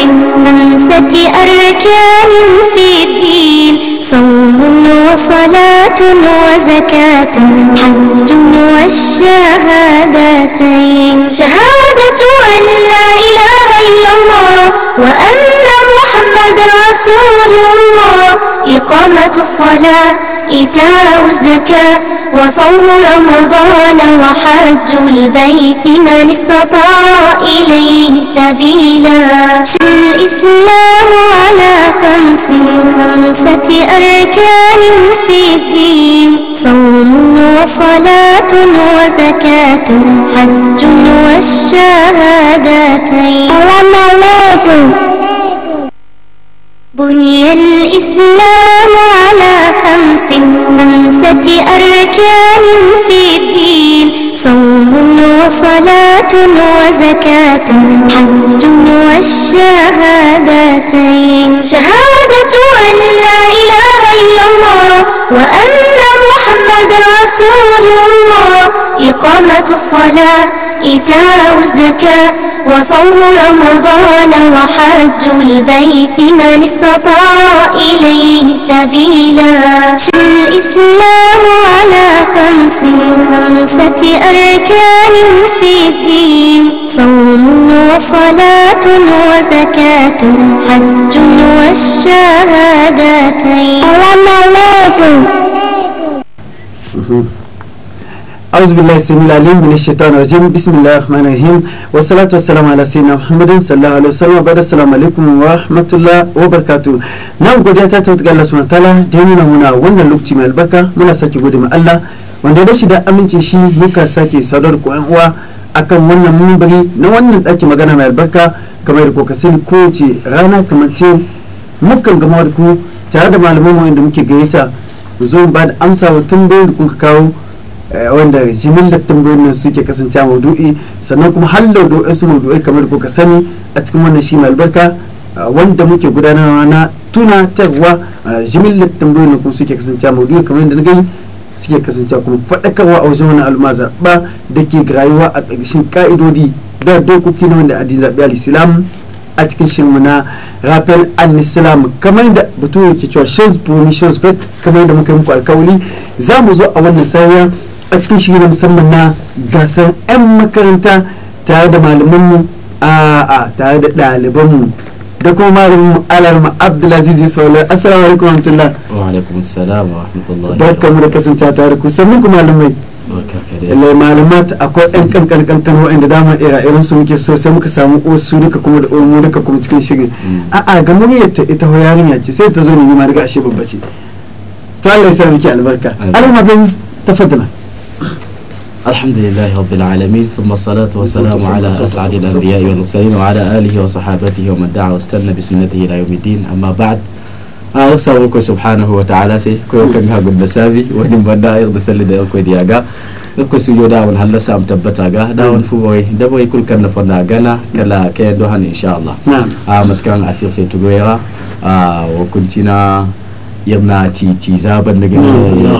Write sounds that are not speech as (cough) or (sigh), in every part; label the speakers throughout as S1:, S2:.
S1: خمسة أركان في الدين صوم وصلاة وزكاة حج والشهادتين شهادة أن لا إله إلا الله وأن محمد رسول الله إقامة الصلاة إيتاء الزكاة وصوم رمضان وحج البيت من استطاع إليه سبيلا الإسلام على خمس خمسة أركان في الدين صوم وصلاة وزكاة حج والشهادتين بني الإسلام وصلاة وزكاة حج والشهادتين شهادة أن لا إله إلا الله وأن محمدا رسول الله إقامة الصلاة إيتاء الزكاة وصوم رمضان وحج البيت من استطاع إليه سبيلا الإسلام على خمس خمسة أركان في الدين صوم وصلاة وزكاة حج والشهادتين السلام
S2: أعوذ بالله السميع العليم من الشيطان الرجيم بسم الله الرحمن الرحيم والصلاة والسلام على سيدنا محمد صلى الله عليه وسلم وبعد السلام عليكم ورحمة الله وبركاته نعم قد يتاتوت قال الله سبحانه وتعالى ديننا هنا وانا لوكتي من البكة منا ساكي قد ما الله وانا داشي دا أمن تشي مكا ساكي صدر قوان هو أكم وانا من بغي نوانا لأكي مغانا من البكة كما يركو كسين كوتي رانا تين مكا نغمواركو تعاد معلمون وانا مكي غيتا وزوم بعد أمسا وتنبو wa tambayoyin Eh, wanda jimillar tambayoyin nan suke kasance maudu'i sannan kuma hallar da su maudu'ai kamar da kuka sani a cikin wannan shi albarka eh, wanda muke gudanarwa na tuna tunatarwa eh, jimillar tambayoyin kuma suke kasance maudu'i kamar yadda na gani suke kasance kuma faɗakarwa a wajen wani al'umma zaɓa da ke rayuwa a ƙarshen ka'idodi da dokoki na wanda addini zaɓe al a cikin shirinmu na rafael al-islam kamar da batu yake cewa shazbuni shazbet kamar da muka yi muku alkawali za mu zo a wannan sayan a cikin shiri musamman na gasar 'yan makaranta tare da malamanmu a tare da ɗalibanmu da kuma malamin alarma abdulaziz yusuf assalamu alaikum rahmatullah wa alaikum assalam wa rahmatullahi barka mu da kasance tare ku sannan ku malamai lai malamat akwai ɗan kankan kankan waɗanda dama ira irin su muke so sai muka samu osu duka kuma da ormo duka kuma cikin shirin mm. a'a ga ta ita ho yarinya ce sai ta zo ne ma daga ashe babba ce to Allah ya sa miki albarka alarma biz الحمد لله رب العالمين ثم الصلاة والسلام على أسعد الأنبياء والمرسلين وعلى آله وصحابته ومن دعا واستنى بسنته إلى يوم الدين أما بعد أوصاك سبحانه وتعالى سي كو كان هاغود بسابي ودين بنا يغد سلد كو دياغا كو سيو داون هلا سام تبتاغا داون نعم. فوي دبوي كل كان فنا غنا كلا كيدو هن إن شاء الله نعم آه متكان أسير سي آه وكنتنا يبنا تي تي زابن نغي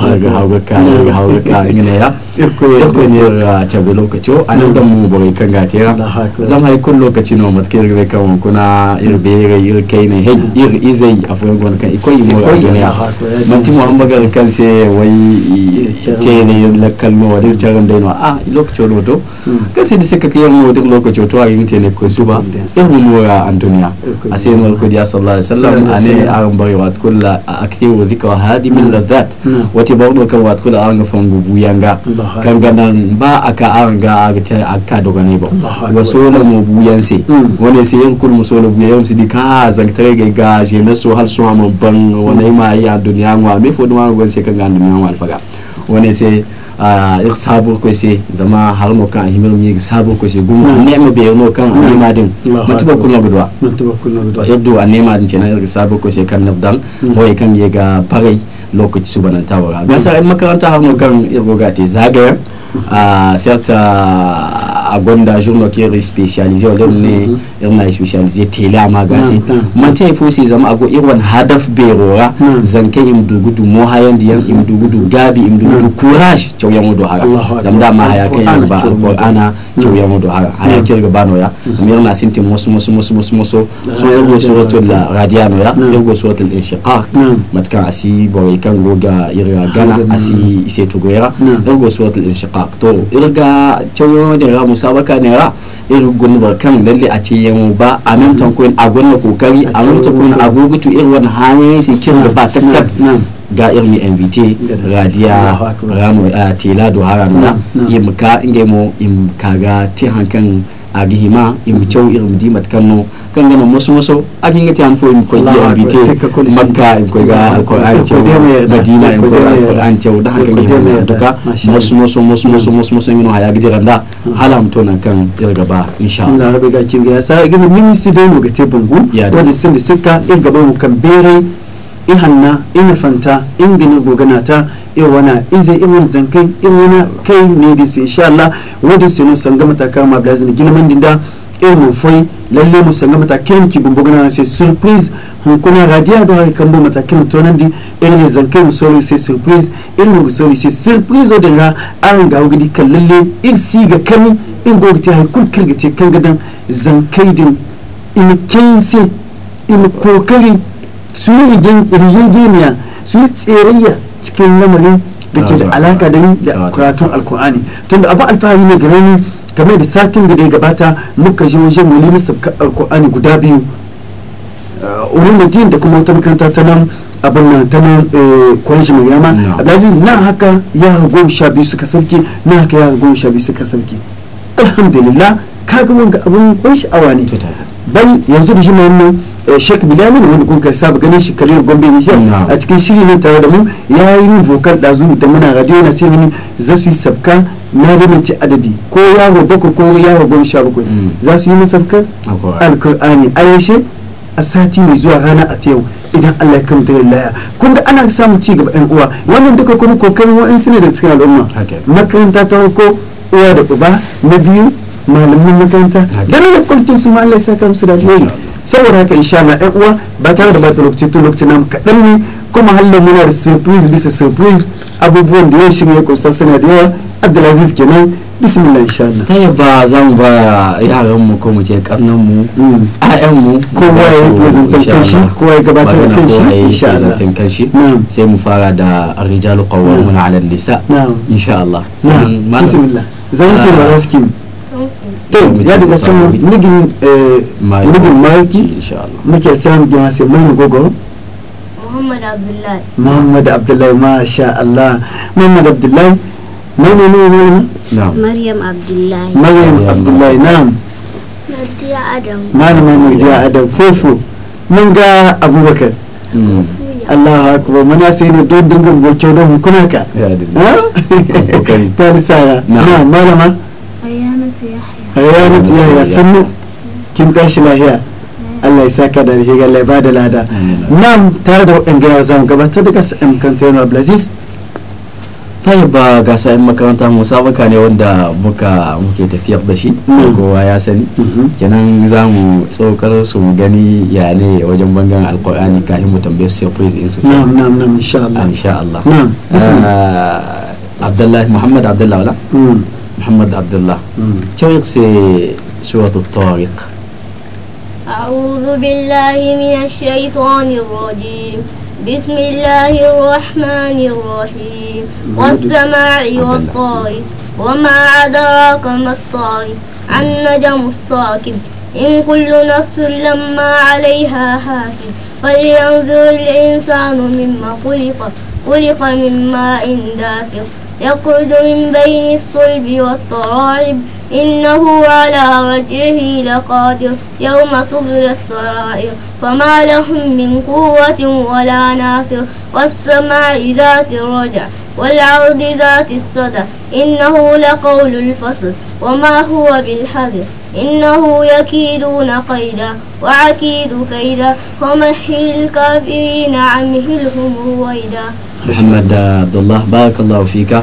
S2: هاغا هاغا كان هاغا كان نغي irko irko cabe lokaci a anan dan mu bore kan gatera zam hay kun lokaci no matke irbe kan kuna irbe ire irkai ne hey ir izai afoy gon kan ikoy mo aduniya manti mo amba gal kan se wai tene la kalmo wadir charan dai no a lokaci lo to kasi di saka kiyar mo dik lokaci to ayin tene ko suba irbu mo ga duniya asen wal kodiya sallallahu alaihi wasallam ane aran bari wat kullu akiyo dhikra hadi min hmm. ladat hmm. wati bawdo kan wat kullu aran ga fangu buyanga ganganan ba a arga ta akka doga ne ba wa solo buyan buyanse hmm. wani sai yan kul musolo buyan su dika zantare ga ga je na so hal suwa amon ban wani ma a duniya ngwa me fo duma ngwa se kan ga duniya ngwa alfaga wani sai a ik sabur ko sai zama har no kan himir mi ik sabur ko se ne ma be no kan nema din matuba kulno gudwa yadda a gudwa yaddo anema din cena ik sabur ko se kan nabdan moye mm. kan yi ga pare lokaci su banan tawara ga mm. sarai makaranta er har no kan irgo ga te zagaya a sai ta a gonda journal ke re specialisé don ne irna specialisé tela ma gasi man tay fo si zama ago irwan hadaf be rora zanke im dugudu mo hayan diyan im dugudu gabi im dugudu courage cew yamu do haga zam da ma haya kai ba alqur'ana cew yamu do haga haya ke ga bano ya mirna sinti mos mos mos mos mos so irgo suratul radiyano ya irgo suratul inshiqaq matkan asi boy kan goga irya gana asi ise ya irgo suratul inshiqaq to irga cew yamu da musabaka ne nera irin gulba kan lalle a ce yin ba a mintan kuwa a gwanna kokari a mintan kuwa a gurgutu irin wani hanyoyin sai kin da ba ta tab ga irin mvt radiya ramu eh, tela do na da yim ka inge mo kaga ti hankan agihima irin irmdi matkanno kan gana musu musu akin gati an foyin ko ya bite makka ko ga ko an ce madina ko ga an cewa da hakan ya duka musu musu musu musu musu musu mino haya gidi randa halam hmm. to nan kan irga ba insha Allah Allah ga kin ga sa gina min si dai mu ga te bungu wanda sun da suka irga ba mu kan bere ihanna hanna ina fanta in gani gogana ta in wana in zai imar zankai in yana kai ne da sai insha Allah wadin sai no sanga mataka ma blazin gilman dinda e eh mafai foi lalle mo sanga mata ken ki bumbo gana se surprise hon eh da haka do ay kambo mata ken tonandi e ne zanke mo sori se surprise e mo sori se surprise o denga an ga wudi kan lalle in si ga kani in go ti hay kul kirgite kan gadan zankai din in sai in kokari su yi rigingeniya su yi tserayya cikin lamarin da ke da alaka da ni da karatun alkur'ani tunda abu alfahari ne gare ni game da satin da ya gabata muka je wajen mulimin sabkar alkur'ani guda biyu wurin uh, nadin da kuma wata makaranta ta nan abin nan ta nan kwalishin eh, mai yama abdulaziz na haka ya goma sha biyu suka sarki na haka ya goma sha biyu suka sarki alhamdulillah kaga ga abin ban sha'awa ne bal yanzu da shi mai Eh, shek bilamin wanda kun ka saba ganin shi kariyar gombe nijar a cikin shiri ne tare da mu ya yi min vokal dazu da muna radio na ce mini za su yi sabka na rimanci adadi ko yaro bakwai ko yaro goma sha bakwai mm. za su yi masabkar alkur'ani a yaushe a sati mai zuwa rana a ta yau idan Allah ya kamta da laya kun da ana samun ci gaba yan uwa wannan duka kuma kokarin su ne da cikin al'umma makaranta ta ko uwa da uba na biyu malamin makaranta da rana kwalitin su ma Allah ya saka musu da saboda haka insha Allah ɗan uwa ba tare da mata lokaci tun lokacin namu kaɗan ne kuma halin muna da surprise bisa surprise abubuwan da yau shirya kusa suna da yawa Abdulaziz kenan bismillah insha Allah ta yabba za mu ba yaran mu ko mu je kannan mu
S3: mm. ayan mu kowa ya presentan kanshi kowa ya gabatar da kanshi insha Allah presentan
S2: kanshi sai mu fara da rijalu qawwamuna 'ala nisa insha Allah bismillah zan kira ah. Roskin ya daga sun nigin nigin mawaki muke san gina sai gogo
S4: muhammad abdullahi
S2: muhammad abdullahi ma allah muhammad abdullahi mai ne ne ne
S4: maryam abdullahi maryam
S2: abdullahi na'am
S4: murdiya adam
S2: malamin murdiya adam fofo mun ga abubakar hmm. Allah akbar mana sai ne don dingan gokyo don hukunaka ha ta lissara na malama ranar tiyaya sannu kin tashi lahiya Allah ya saka da rihiga laiba da lada nan tare da waɗanda gaya zan gabatar da gasa yan makaranta yana ta yi ba gasa yan makaranta musa sabuka ne wanda muka muke tafiyar da shi mm. kowa ya sani mm-hmm. kenan za mu tsokar su mu gani ya ne wajen bangaren alkur'ani ka mu tambaye su sai quiz in su na'am insha Allah ah, Abdullahi محمد عبد الله تويق سي سورة الطارق
S4: أعوذ بالله من الشيطان الرجيم بسم الله الرحمن الرحيم والسماع والطارق وما أدراك ما الطارق النجم الصاكب إن كل نفس لما عليها حاسب فلينظر الإنسان مما خلق خلق من ماء دافق يقعد من بين الصلب والطرائب إنه على رجعه لقادر يوم تبلى السرائر فما لهم من قوة ولا ناصر والسماء ذات الرجع والعرض ذات الصدى إنه لقول الفصل وما هو بالحذر إنه يكيدون قيدا وعكيد كيدا ومحل الكافرين عمهلهم
S3: رويدا
S2: محمد عبد الله بارك الله فيك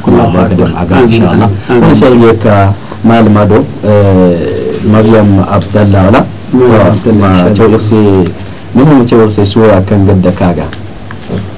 S2: kuma barkadan aga insha Allah wani sai ne ka malama do eh, maryam abdalla wala ma ta yose mun mu ce sai soya kan gadda kaga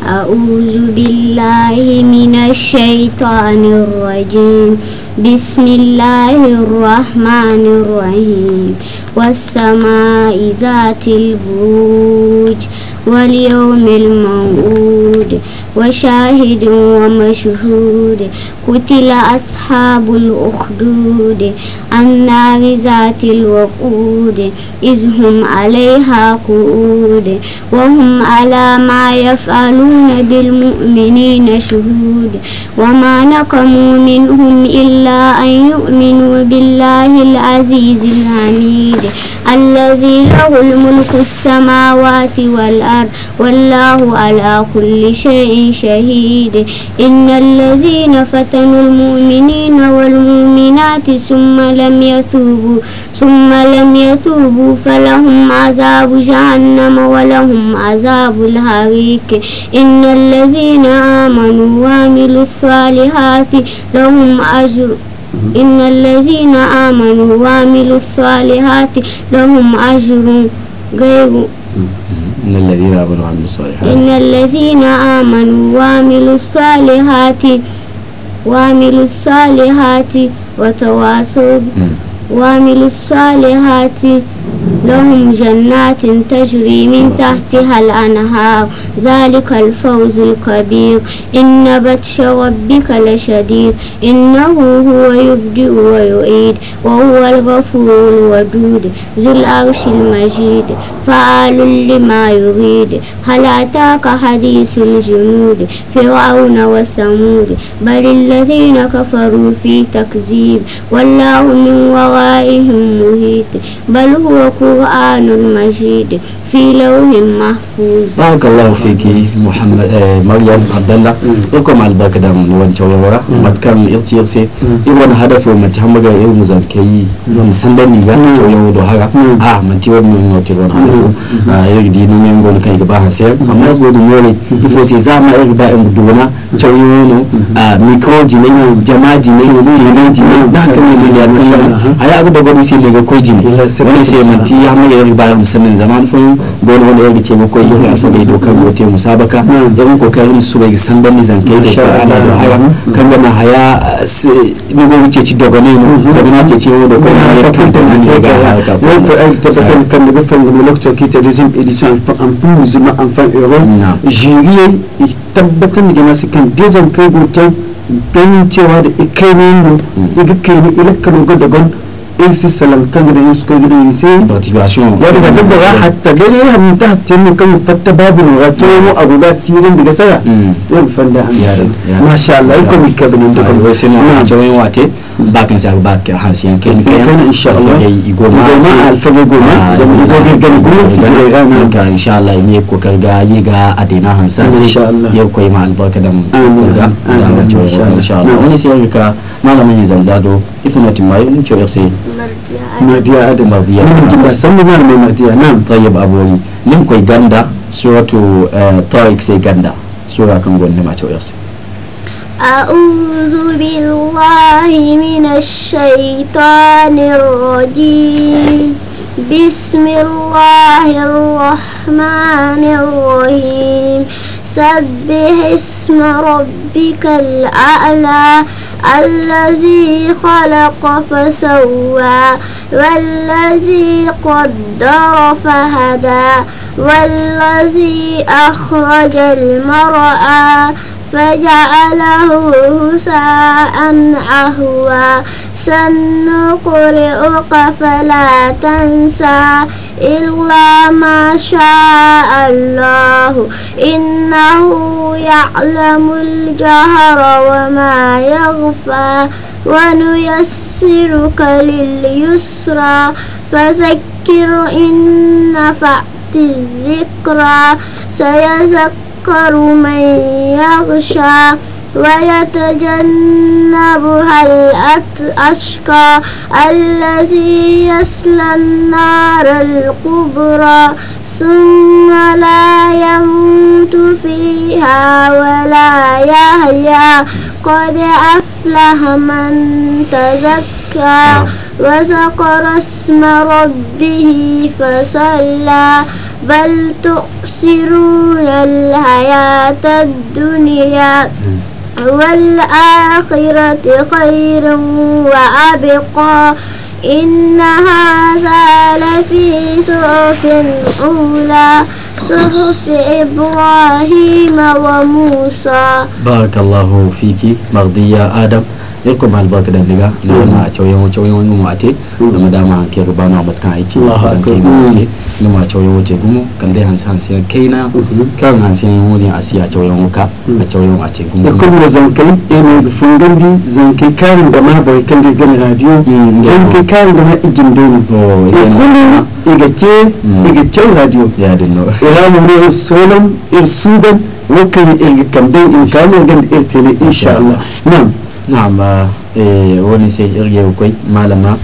S4: أعوذ بالله من الشيطان الرجيم بسم الله الرحمن الرحيم والسماء ذات البروج واليوم الموعود وشاهد ومشهود قتل أصحاب الأخدود النار ذات الوقود إذ هم عليها قعود وهم على ما يفعلون بالمؤمنين شهود وما نقموا منهم إلا أن يؤمنوا بالله العزيز الحميد الذي له الملك السماوات والأرض النار والله على كل شيء شهيد إن الذين فتنوا المؤمنين والمؤمنات ثم لم يتوبوا ثم لم يتوبوا فلهم عذاب جهنم ولهم عذاب الحريق إن الذين آمنوا وعملوا الصالحات لهم أجر إن الذين آمنوا وعملوا الصالحات لهم أجر غير
S2: إن الذين آمنوا وعملوا الصالحات إن الذين
S4: آمنوا وعملوا الصالحات وعملوا الصالحات وتواصوا وعملوا الصالحات لهم جنات تجري من تحتها الأنهار ذلك الفوز الكبير إن بطش ربك لشديد إنه هو يبدئ ويعيد وهو الغفور الودود ذو العرش المجيد فعال لما يريد هل أتاك حديث الجنود فرعون وثمود بل الذين كفروا في تكذيب والله من ورائهم مهيت بل هو كل القرآن المجيد في لوح محفوظ بارك الله
S3: فيك
S2: محمد مريم عبد الله وكم على بارك دام وانتوا ورا ما تكرم يرتي يرسي يبغون هدف وما تهم غير يوم زاد كي يوم سندني غا تو يوم دو هرا اه من تيوم من يوم تيوم هدف يرك دي نمي نقول كي يبغى حسين أما يقول يوري يفوسي زاما يبغى يمدونا تو يوم ميكرو جيني جماعة جيني تيني جيني نحن نقول يا كلام هيا أقول بقول يصير لقى كوجيني ونسي من تي shi hamman ya riba mu sanin zaman fun gol wanda ya gice mako yin alfa bai dokar gote musabaka yawan kokarin su bai san ban nizan kai da kai ala da haya kan gama haya ni go wuce ci daga ne no daga na ce ce da kuma ya kan da ne ga halka wai ko ai tabbatar kan da fan da lokacin ki ta dizin edition an fi musulma an fan euro jiriye tabbatar da masu kan dizan kai gote don cewa da ikai ne mu iga kai ne ilaka no ga dagon إيرسيس لم تقدر يسكو إيرسي motivation يعني قبل بقى حتى قلنا من تحت تنو كم فتة باب وغتوم أبو جا سيرين بقى سيا يوم فندا ما شاء الله يكون يكبر عندكم ويسنا جوين واتي bakan sa bak hansiyan ken ken inshallah alfage goma zama goma rana ka inshallah ne ko karga yi ga adina hansa sai yau koyi ma albarka da mu da inshallah wani sai ka malamin zandado ifna timai in ce yasi mardiya adam mardiya kin da san mun mai nan tayyib aboyi koy ganda suratu tariq sai ganda sura kan gonna ma ce
S4: أعوذ بالله من الشيطان الرجيم بسم الله الرحمن الرحيم سبح اسم ربك الأعلى الذي خلق فسوى والذي قدر فهدى والذي أخرج المرأى فجعله غثاء أهوى سنقرئك فلا تنسى إلا ما شاء الله إنه يعلم الجهر وما يغفى ونيسرك لليسرى فذكر إن نفعت الذكرى سيذكر يذكر من يغشى ويتجنبها الأشقى الذي يصلى النار الكبرى ثم لا يموت فيها ولا يحيا قد أفلح من تزكى وذكر اسم ربه فصلى بل تؤثرون الحياة الدنيا والآخرة خير وأبقى إن هذا لفي صحف أولى صحف إبراهيم وموسى
S2: بارك الله فيك مرضية آدم eko bal ba kada liga la na chawyo chawyo ngumu ate da madama ke ga bana bat kan aici san kai mu se ni ma chawyo ce gumu kan dai hansa hansa kai na kan hansa yan wuri asiya chawyo ka a chawyo a ce gumu ko mu zan kai e ne ga fungan di zan kai karin da ma bai kan dai gan radio zan kai karin da ma igin dai ni oh yana iga ke iga ke radio ya dinno ira mu ne sonan ir sudan wakan irga kan dai in kamar gan ir insha Allah na'am نعم آه، إيه، وني سي إرجع وكوي ما لما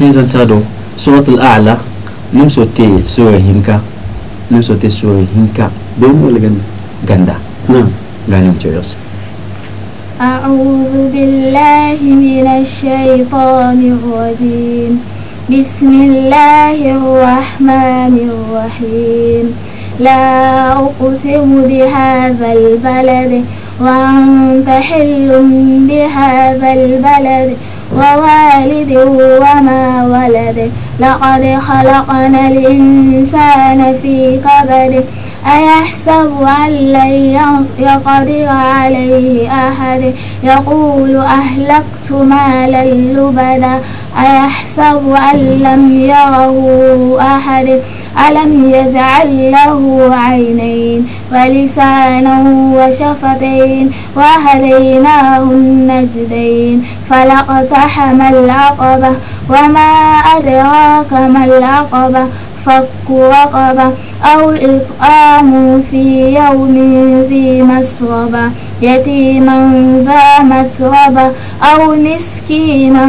S2: هنزل تادو سورة الأعلى نمسوتي سورة هنكا نمسوتي سورة هنكا بيم ولا غندا غندا نعم غانم تيوس
S5: أعوذ بالله من الشيطان الرجيم بسم الله الرحمن الرحيم لا أقسم بهذا البلد وأنت حل بهذا البلد ووالد وما ولد لقد خلقنا الإنسان في كبد أيحسب أن لن يقدر عليه أحد يقول أهلكت مالا لبدا أيحسب أن لم يره أحد ألم يجعل له عينين ولسانا وشفتين وهديناه النجدين فلاقتحم العقبة وما أدراك ما العقبة فك رقبة أو إطعام في يوم ذي مسغبة يتيما ذا متربة أو مسكينا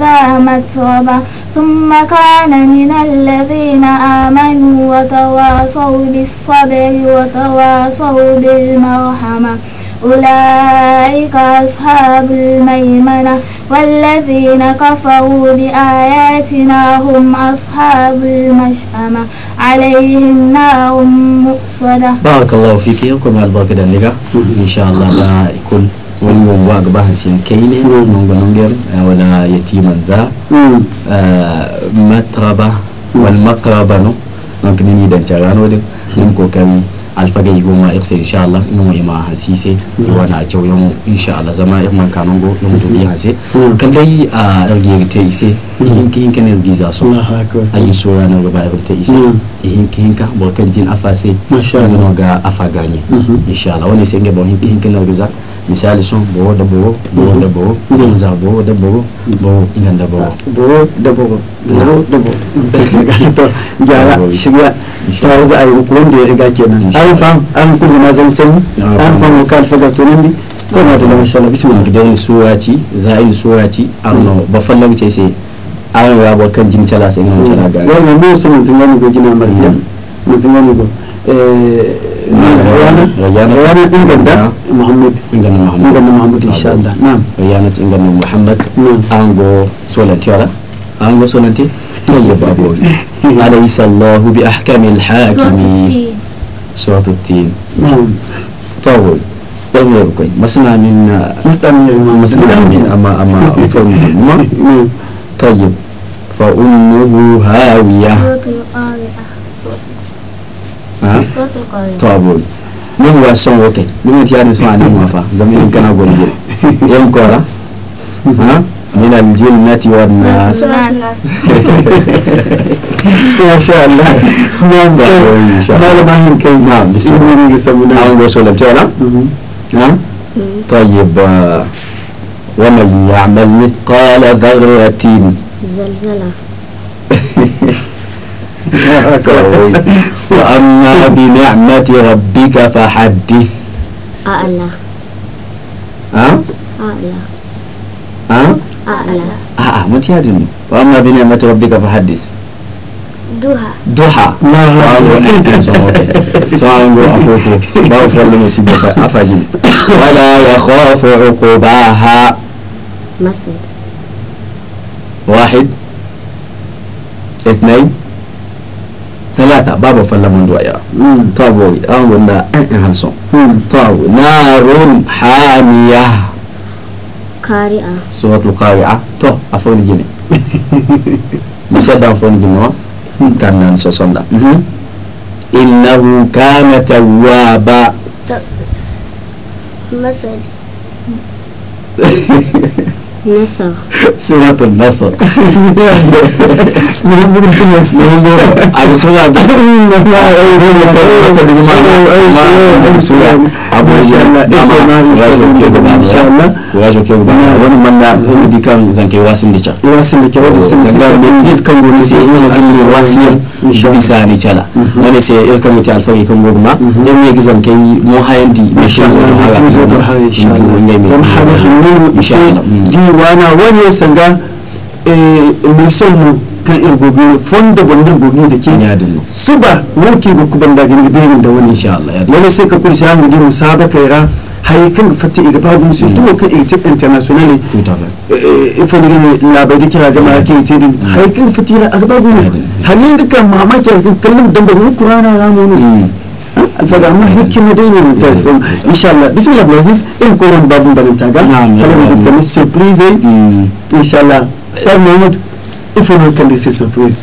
S5: ذا متربة ثم كان من الذين آمنوا وتواصوا بالصبر وتواصوا بالمرحمة أولئك أصحاب الميمنة والذين كفروا بآياتنا هم أصحاب المشأمة عليهم نار مؤصدة
S2: بارك الله فيك يقول بعد بركة إن شاء الله لا يكون wani wangwa gaba hasiyan kai ne wangwanin gyar wani yatiman za a matraba wani makaraba no wani kini ne dan cara wani kokari alfagai goma fc insha Allah numu ima hasise a cewa yamu insha Allah zama yan man go mun dubi hase hmm. kan dai a ah, rage ta ise hmm. in kin kin ne giza za so ayi so ya na gaba yargi ta ise hmm. in kin hinka hinka borkan jin afase masha Allah ga afaganye insha Allah wani sai ga bon kin kin ne giza misali so bowo da bowo bowo da bowo gonza mhm. bowo da bowo bowo inan da bowo
S3: bowo da bowo nawo da bowo (laughs)
S2: to gyara shirya ta wasu a yi wanda ya riga kenan an fam an kudu na zamsani an fam ka alfaga to nan bi ko da masha Allah bismillah gidan surati za'i surati arno mm. ba fallan ce sai an rabo kan jimtala sai mun tala mm. ga wannan mu sun tun go gina martiya mun mm. tun go eh ويانا ويانا إنجنا محمد إنجنا محمد إنجنا محمد إن شاء الله نعم ويانا إنجنا محمد أنجو سولنتي ولا أنجو سولنتي طيب أبوي أليس الله بأحكم الحاكمين سورة التين نعم طول ɗan yau kai masana min na uh, masana min amma amma fa'in ma tayyib fa ummuhu hawiya
S3: to a
S2: bol ni mu wa sɔn o kɛ ni mu ti yaari sɔn ani mu fa dami ni kana gɔli jɛ e n kɔra من الجنة والناس ما شاء الله نعم ما لا ما يمكن نعم بسم الله يسمونه نعم وصل تعالى نعم طيب ومن يعمل مثقال ذرة
S3: زلزلة
S2: وأما بنعمة ربك فحدث أعلى أه؟ أعلى أه؟ أعلى أه متيادني وأما بنعمة ربك فحدث duha duha soango afofo bawo problème sibata afaji wala yakhafu uqubaha masjid واحد اثنين talata babu falla mun doya hmm. tabo an gunda an eh, eh, hanso hmm. tabo narun hamiya qari'a suratul qari'a to afon jini (laughs) musada afon jini wa hmm. kanan so sonda innahu kana tawwaba
S4: masadi (laughs) نصر
S2: سورة النصر أبو سورة أبو سورة أبو wajen kyau ba wani manna wani bi kan zanke wasin da can wasin da kyau da sun sun da ne kan gobe sai yin wasin da wasin shi bisa ne cala wani sai ya kan mutu alfari kan gobe ma dan ne gizan kai mu hayan di mai shi zo da haka shi to ne mai don hada hannu sai wana wani sanga eh, mai son mu kan ir gobe fonda bonda gobe da ke suba wuki ga kuban da gani bayin da wani insha Allah wani sai ka kuri kursi hannu di ka yara hayi kan fata iga babu musu mm. to kan ita international ifa eh, eh, ne gani labari kira ga ma ke ita din mm. hayi kan fata iga babu hanin duka mamaki kan kallon dan ba ku rana ramu ne mm. الفقامة هيك مدينة من تلفون إن شاء الله بسم الله بلازنس إن كلهم بابون بابون تاجا هلا بدي كنيس سوربريز إن شاء الله أستاذ محمود إفهم كنيس سوربريز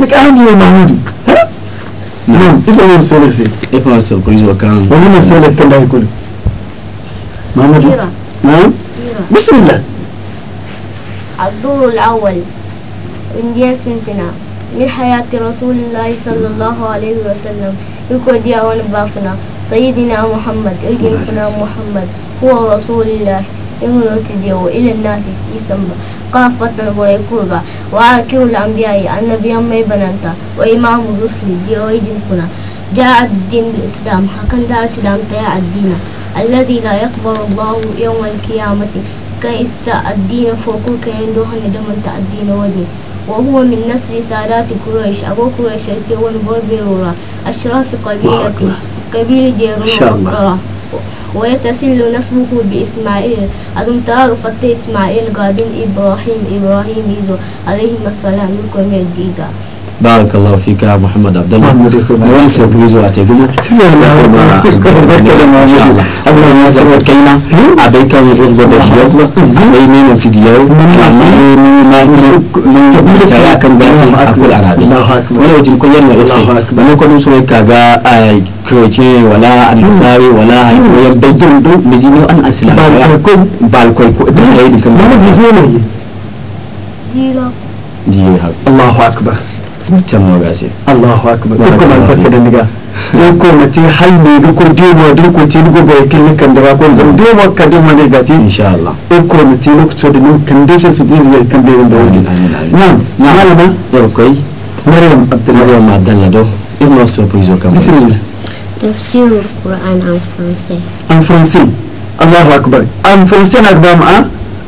S2: لك أهم لي محمود نعم إفهم سوربريز إفهم سوربريز وكان ومن سوربريز كان ده يقول محمود نعم بسم الله
S4: الدور الأول إنديا سنتنا من حياة رسول الله صلى الله عليه وسلم يكون أول بافنا سيدنا محمد يجينا محمد هو رسول الله يمنوت ديو إلى الناس يسمى قافة وريكورغا وعاكيو الأنبياء النبي أمي بنانتا وإمام الرسل ديو يدنكنا جاء الدين الإسلام حكم دار الإسلام تيا الدين الذي لا يقبل الله يوم القيامة كيستا الدين فوق كيندوها ندمنت الدين ودين وهو من نسل سادات قريش أبو قريش الجوان بربيرورا أشراف قبيلة قبيلة ديرون ويتسل نسبه بإسماعيل أدم تعرف إسماعيل قادم إبراهيم إبراهيم إذو عليهم السلام يكمل ديدا
S2: barakallahu fika muhammad abdullah wani sabbi zuwa ta gina Allah ya zama kaina hmm? a bai kan rungo da diyar hmm? a bai ne mutu diyar amma ne na ne ta ya kan gasa a kula rabi wani wajen koyar na rufe wani kwanin so ka ga a kirce wala hmm. an nasari wala haifoyan bai don don mijino an asila balkoi ko ita ne kan gasa jiye Allahu akbar mutum ga sai Allahu akbar ko man fatta da niga ne ko mati hay ne ga ko de mo dun ko ti dugo ba kin kan da ko zan de mo ka de mo ne ga insha Allah ko ko mati lokacin da nun kan dai sai su bi zuwa kan da wanda wani na na malama yau kai Maryam Abdullahi na do il nous surprise au Cameroun. Bismillah.
S4: Tafsir quran en français.
S2: En français. Allahu akbar. En français nak ba ma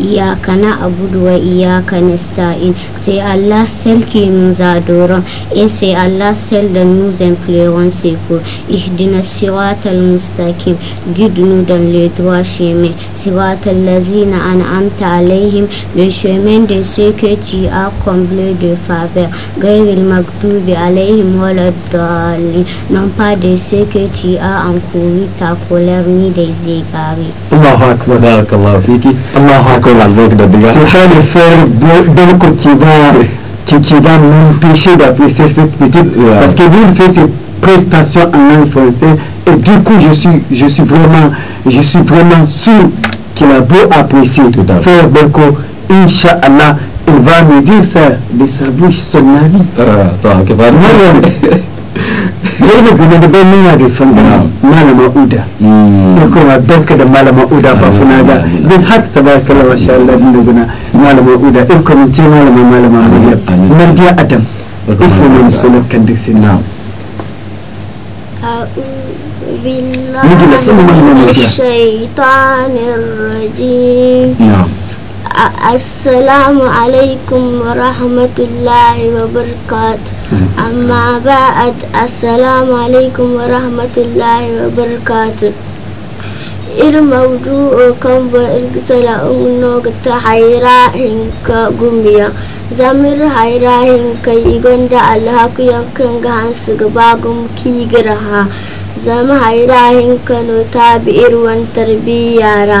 S4: iyaka na abu wa na stain sai Allah selki nu zadoro e sai Allah sel da nu zemplewon seko ihdina siratal mustaqim gidnu dan ledwa sheme siratal lazina an'amta alaihim be shemen de seke ci a komble de faveur gairil magdubi alaihim wala dali non pa de seke ci a ankuri ta kolerni de zegari
S2: Allahu akbar barakallahu fiki Allahu akbar C'est pas le frère d'un qui va, qui, va m'empêcher d'apprécier cette petite. Parce que lui, il fait ses prestations en langue française. Et du coup, je suis, je suis vraiment, je suis vraiment sûr qu'il a beau apprécier. Tout à fait. Frère Inch'Allah, il va me dire ça de sa bouche, son avis. vie. Ah, Dalibin gaba da bai nuna da fan da malama uda.
S3: Ko kuma
S2: barka da malama uda ba funa da bin haka ta ba kala wa sha Allah da guna malama uda in kuma ce malama malama Maryam. Mardiya Adam. Ifu mun sunan kan duk sai naam.
S4: بالله من الشيطان الرجيم نعم السلام عليكم ورحمة الله وبركاته أما بعد السلام عليكم ورحمة الله وبركاته ir mawdu'u kan bo irgisala ungunogta hayra hinka gumiya zamir hayra hinka igonda alhaku yankan ga hansiga bagum kigira ha zama hayra hinka no tabi irwan tarbiyara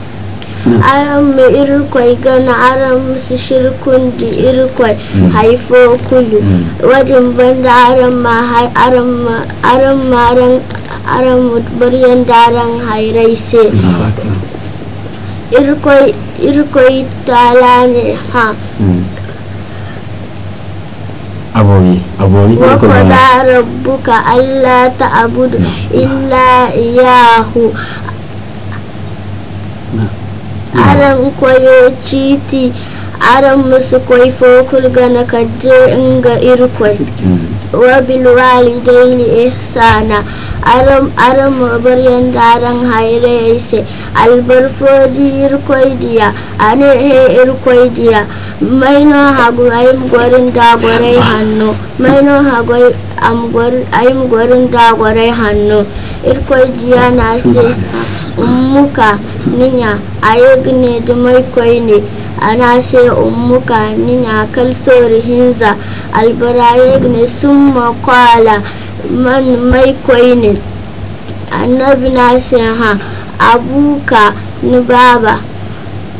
S4: aram me irkwai gana aram musu shirkun di irkwai mm. haifo kulu mm. Wajen banda aram ma aram maran aram mutbaryan daran hairai sai irkwai tala ne ha
S2: aboyi
S4: da ko Allah da rabbuka mm. illa yahu. aran kwayo citi aran musu kwai fokul gana kaje inga irkwai mm. rabin walidain ihsana aram aram baryan daran haire ise albar fodi irkoidiya ane he irkoidiya maino hagu ayim gorin dagore hanno maino hagu am gor ayim gorin dagore hanno irkoidiya na se muka ninya ayegne dumai koine ne أناسي أمك أننا كالسور هنزا البرايقن ثم قال من ميكوين annabi na ha abuka ni baba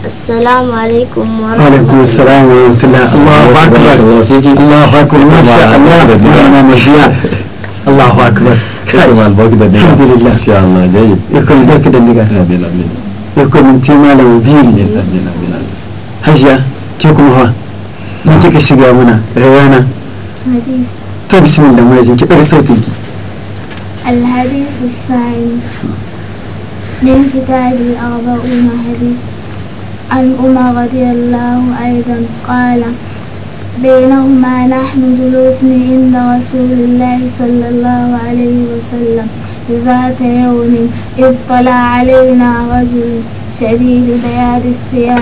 S4: assalamu alaikum wa
S2: rahmatullahi wa rahmatullahi Allahu akbar Allahu akbar masha Allah mana majiya Allahu akbar kai mal baki da dai alhamdulillah insha Allah jayyid yakun da هجة تيكمها ما تيك الشقا منا غيانا حديث طيب بسم الله ما يجب كيف صوتك
S5: الحديث الثاني من كتاب الأربعون حديث عن عمر رضي الله أيضا قال بينهما نحن جلوس عند رسول الله صلى الله عليه وسلم ذات يوم إذ طلع علينا رجل شديد بياض الثياب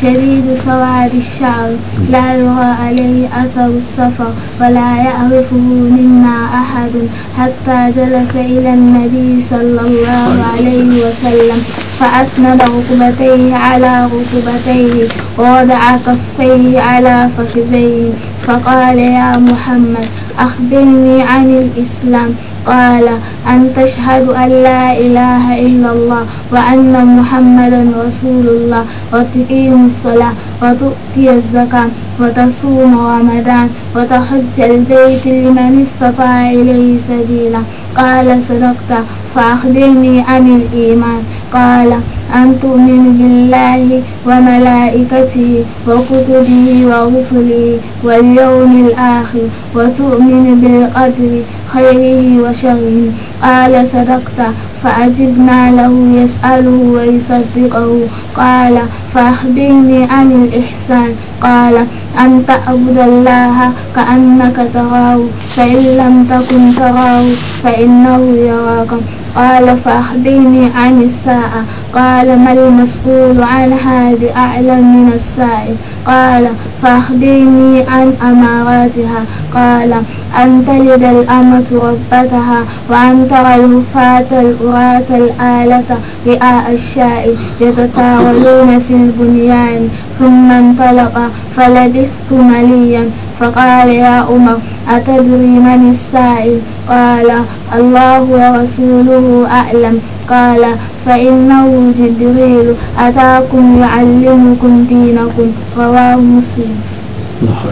S5: شديد سواد الشعر لا يرى عليه أثر السفر ولا يعرفه منا أحد حتى جلس إلى النبي صلى الله عليه وسلم فأسند ركبتيه على ركبتيه ووضع كفيه على فخذيه فقال يا محمد أخبرني عن الإسلام قال أن تشهد أن لا إله إلا الله وأن محمدا رسول الله وتقيم الصلاة وتؤتي الزكاة وتصوم رمضان وتحج البيت لمن استطاع إليه سبيلا قال صدقت فأخبرني عن الإيمان قال أن تؤمن بالله وملائكته وكتبه ورسله واليوم الآخر وتؤمن بالقدر خيره وشره قال صدقت فأجبنا له يسأله ويصدقه قال فأخبرني عن الإحسان قال أن تعبد الله كأنك تراه فإن لم تكن تراه فإنه يراك قال فأخبرني عن الساعة قال ما المسؤول عنها بأعلم من السائل قال فأخبرني عن أماراتها قال أن تلد الأمة ربتها وأن ترى الوفاة الأراة الآلة رئاء الشاء يتطاولون في البنيان ثم انطلق فلبثت مليا فقال يا عمر أتدري من السائل قال الله ورسوله أعلم قال فإنه جبريل أتاكم يعلمكم دينكم رواه مسلم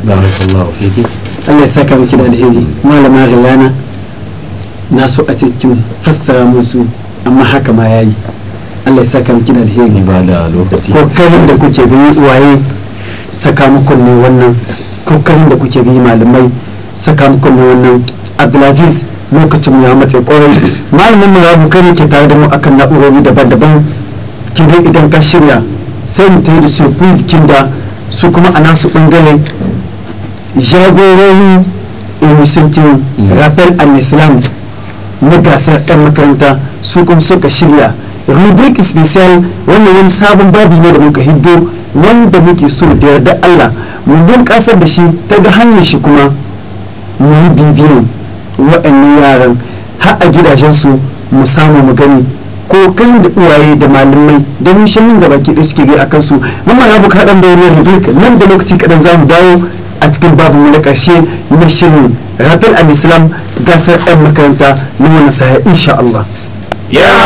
S2: بارك الله فيك Allah ya saka miki da alheri malama Rayana na so a cikin fassara musu amma haka ma yayi Allah ya saka miki da alheri ba da lokaci ko kai da kuke da waye sakamakon ne wannan kokarin da kuke yi malamai sakamakon ne wannan abdulaziz lokacin ya matsayi kwarai malamin mu rabu kai ke tare da mu akan na'urori daban-daban dai idan ka shirya sai mu tayi da surprise kin da su kuma a nasu bangare jagorori emisintin eh, rafael an islam na gasar ɗan makaranta su kuma suka shirya rubric special wannan wani sabon babi ne da muka hiddo wanda muke so da yarda Allah mu bunƙasar da shi ta ga hanyar shi kuma mu yi bibiyan waɗannan yaran har a gidajensu mu samu mu gani ko kai da uwaye da malamai da mun shanin gaba ke da suke gai akan su mun ma abu kaɗan da wani nan da lokaci kaɗan za mu dawo a cikin babu mu na ƙarshe na shirin rafin al-islam gasar 'yan makaranta na wani sa'a insha Allah.
S3: يا Ya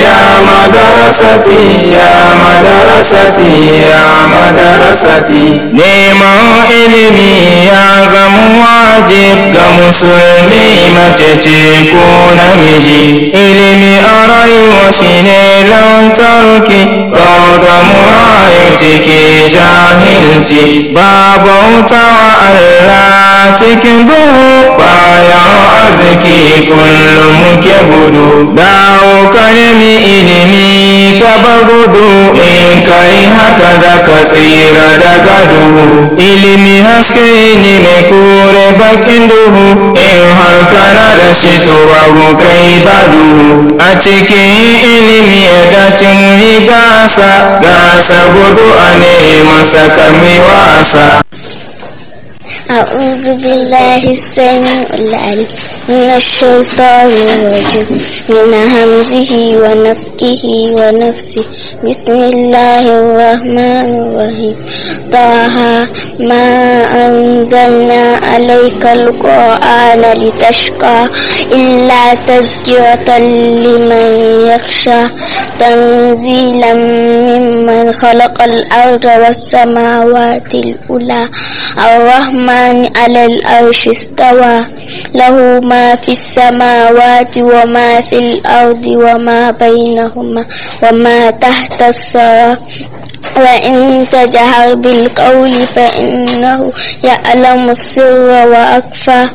S6: يا مدرستي يا مدرستي يا مدرستي neman ilimi ya zama wajib ga musulmi mace ce ko namiji ilimi a rayuwa shi ne lantarki da murayi cikin jahilci ba bauta wa Allah cikin duhu bayan arziki kullum muke gudu dawo kalmi ilimi ka ba gudu in kai haka za ka tsira daga duhu ilimi haske ne mai kore bakin duhu in har kana da shi to kai ba duhu a cikin ilimi ya dace mu yi gasa gasa gudu a ne masa wasa
S7: أعوذ بالله السميع العليم من الشيطان الرجيم من همزه ونفكه ونفسه بسم الله الرحمن الرحيم طه ما أنزلنا عليك القرآن لتشقى إلا تذكرة لمن يخشى تنزيلا ممن خلق الأرض والسماوات الأولى الرحمن الرحمن على الأرش استوى له ما في السماوات وما في الأرض وما بينهما وما تحت الثرى وإن تجهر بالقول فإنه يعلم السر وأكفى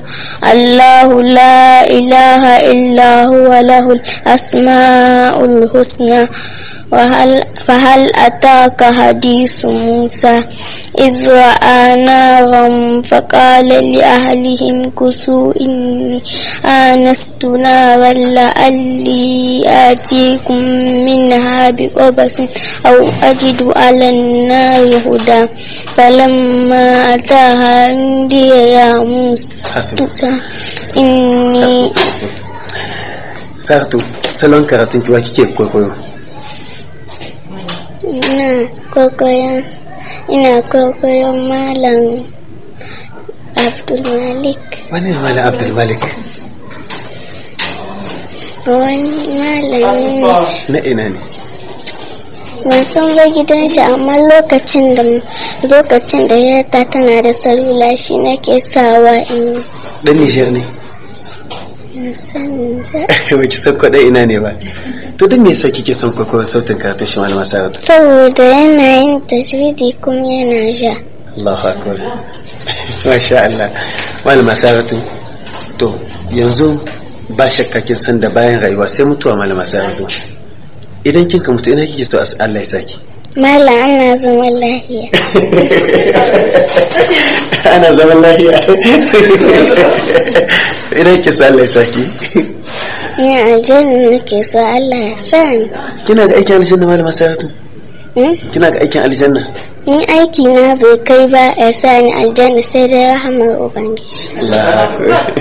S7: الله لا إله إلا هو له الأسماء الحسنى فهل أتاك حديث موسى إذ رأى نارا فقال لأهلهم كسوا إني آنست نارا لألي آتيكم منها بقبس أو أجد على النار هدى فلما أتاها عندي يا موسى إني
S2: سارتو salon
S6: karatun كيف كيف kwaikwayo
S7: ina kwaikwayon ina kwaikwayon malam Malik.
S3: wani malam Abdul Malik.
S7: wani
S1: malami ne
S8: na ina ne
S7: ban san ba gidan shi amma lokacin da lokacin da ya ta tana da salula shi nake sawa in dan nijar ne ban
S3: san
S2: (laughs) ba ki san kwaɗa ina ne ba to duk me yasa kike sauƙaƙa sautin karatun shi malama saratu
S7: saboda yana yin taswidi kuma yana sha
S2: Allahu akbar (laughs) masha Allah malama saratu to yanzu ba shakka kin san da bayan rayuwa sai mutuwa malama saratu idan kin ka mutu ina kike so Allah ya saki
S7: Mala ana zaman lahiya.
S2: (laughs) Ana zaman lahiya. (laughs) Idan Allah ya saki.
S7: Ni aljanna nake so Allah ya sani
S2: kina ga aikin aljanna malama saratu hmm? kina ga aikin aljanna
S7: ni aiki na bai kai ba ya sa ni aljanna sai da rahamar ubangiji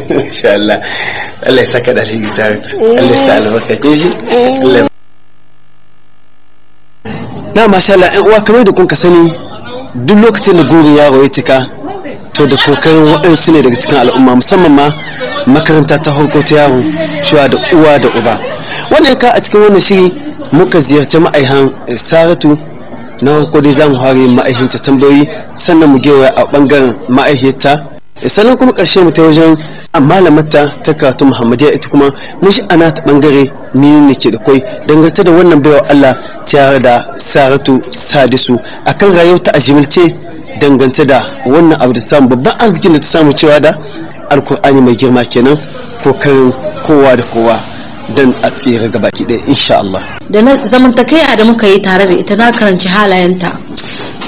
S2: insha (laughs) Allah Allah ya saka da alheri Sayatu. Allah ya sa albarka kin shi na masha Allah ɗan uwa kamar da kun ka sani duk lokacin da gobe yaro ya cika to da kokarin waɗansu ne daga cikin al'umma musamman ma makaranta ta harko ta yaro cewa da uwa da uba ya ka a cikin wannan shiri muka ziyarci ma'aihan eh, saratu na harko dai za mu fara ma'aihinta tambayoyi sannan mu gewa a bangaren ma'aihinta eh, sannan kuma ƙarshe mu ta wajen malamata ta karatu muhammadiyya ita kuma mun shi ana ta bangare ne ke da kwai dangance da wannan baiwa allah yara da saratu sadisu akan rayuwa ta a jimilce dangance da wannan abu da samu babban arzikin da ta samu cewa da alkur'ani mai girma kenan ko kokarin kowa da kowa don a tsira gaba ɗaya insha Allah.
S9: da na zamantakaiya da muka yi tare da ita na karanci halayenta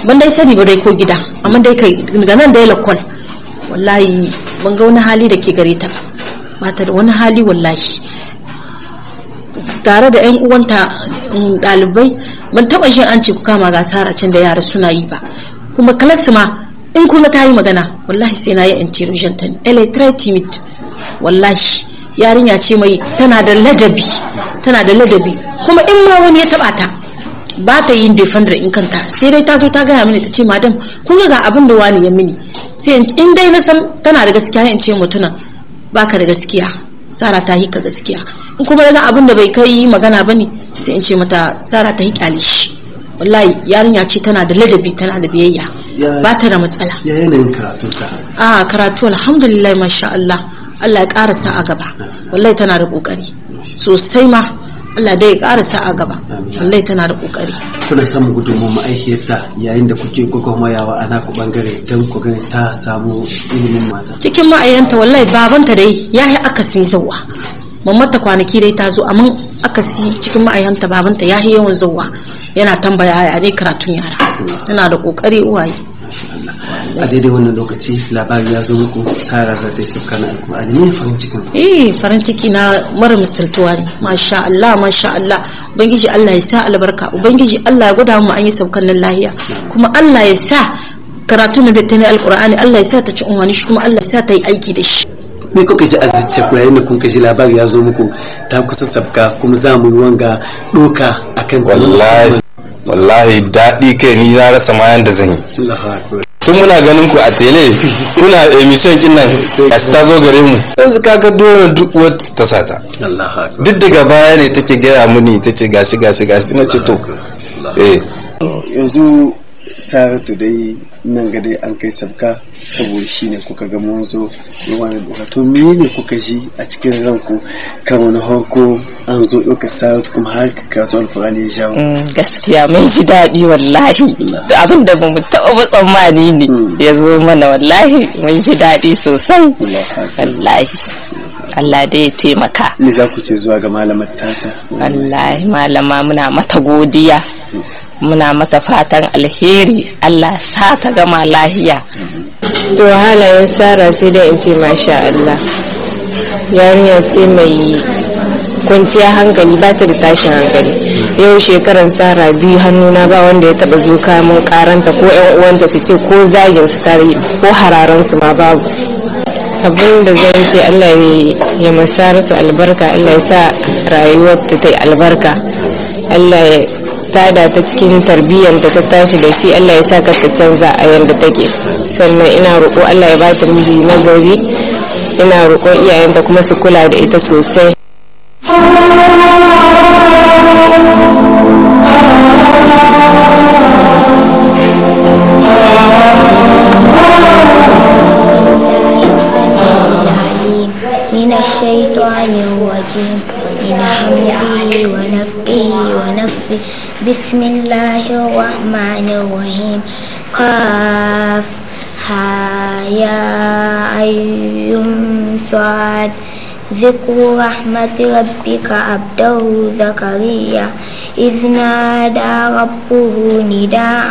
S9: ban dai sani ba dai ko gida amma dai kai daga nan dai lakwal wallahi ban ga wani hali da ke gare ta ba ta da wani hali wallahi tare da 'yan uwanta mm, ɗalibai ban taɓa shi an ce ku kama gasar a can da yara suna yi ba kuma kalas ma in kuma ta yi magana wallahi sai na yi interrogation ta elle est wallahi yarinya ce mai tana da ladabi tana da ladabi kuma in ma wani ya taba ta ba ta yin defender in kanta sai dai ta zo ta gaya mini ta ce madam kun ga abin da wani ya mini sai in dai na san tana da gaskiya in ce mutunan baka da gaskiya sara ta hika gaskiya in kuma daga abin da bai kai magana bane sai in ce mata sara ta hika shi wallahi yarinya ce tana da ladabi tana da biyayya ba ta da matsala ya yanayin karatu ta a karatu alhamdulillah masha Allah Allah ya karasa a gaba wallahi tana da kokari sosai ma Allah dai ya karasa a gaba wallahi tana da kokari
S2: kuna samun gudunmu ma'aikiyarta yayin da kuke gwagwarmayawa a naku bangare don ku gani ta samu ilimin mata
S9: cikin ma'ayanta wallahi babanta dai ya yi akasin zauwa mamata kwanaki dai ta zo amma akasi cikin ma'aikanta babanta ya yi yawan zuwa yana tambaya ya ne karatun yara suna da kokari uwaye
S2: a daidai wannan lokaci labari ya zo muku sara za ta yi sauka na alkur'ani ne farin cikin
S9: eh farin ciki na mara misaltuwa ne masha Allah masha Allah ubangiji Allah ya sa albarka ubangiji Allah ya guda mu an yi saukan nan lahiya kuma Allah ya sa karatu na da ta ne alkur'ani Allah ya sa ta ci umarni shi kuma Allah ya sa ta yi aiki da shi
S2: me kuka ji a zuciya ku yayin da kun ji labari ya zo muku ta kusa sabka kuma za mu yi wanga doka akan wallahi
S8: wallahi daɗi kai ni na rasa ma yanda zan yi tun muna ganin ku a tele kuna emission kin nan a ta zo gare mu yanzu kaga dole duk wata ta sata duk daga baya ne take gaya muni tace gashi gashi gashi na ce to eh
S2: yanzu saratu dai nan ga dai an kai sabka saboda shi ne kuka ga mun zo wani doka to ne kuka ji a cikin ranku kan wani harko an zo ɗaukar sayar kuma har kato alfahari ya jawo mm,
S9: gaskiya mun ji daɗi wallahi
S10: abin da ba mu taɓa ba tsammani ne mm. ya zo mana wallahi mun ji daɗi sosai wallahi Allah da ya taimaka. Ni za ku ce zuwa ga malamar tata? Wallahi malama muna mata godiya. Mm. muna mata fatan alheri Allah sa ta gama lahiya to halayen sara sai dai in ce masha Allah yarinya ce mai kwanciya hankali ba ta da tashin hankali yau shekaran sara biyu hannuna ba wanda ya taba zo kamun karanta ko yan uwanta su ce ko zagin su tare ko hararan su ma babu abin da zan ce Allah ya masaratu albarka Allah ya sa rayuwar ta ta albarka Allah ya sada ta cikin tarbiyyar da ta tashi da shi Allah ya sa ka ta canza a yanda take sannan ina roƙo Allah ya bata miji na gari ina roƙon iyayenta kuma su kula da ita sosai
S11: الشيطان الرجيم من حمده ونفقه ونفه بسم الله الرحمن الرحيم قاف ها يا أيم صاد ذكر رحمة ربك عبده زكريا إذ نادى ربه نداء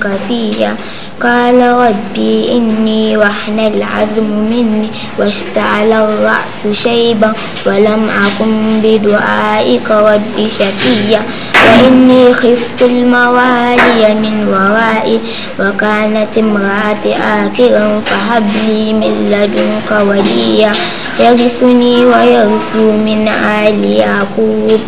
S11: كفيا قال ربي إني وحن العزم مني واشتعل الرأس شيبا ولم أكن بدعائك رب شكيا وإني خفت الموالي من ورائي وكانت امرأتي آكرا فهب لي من لدنك وليا يرثني ويرثو من آل يعقوب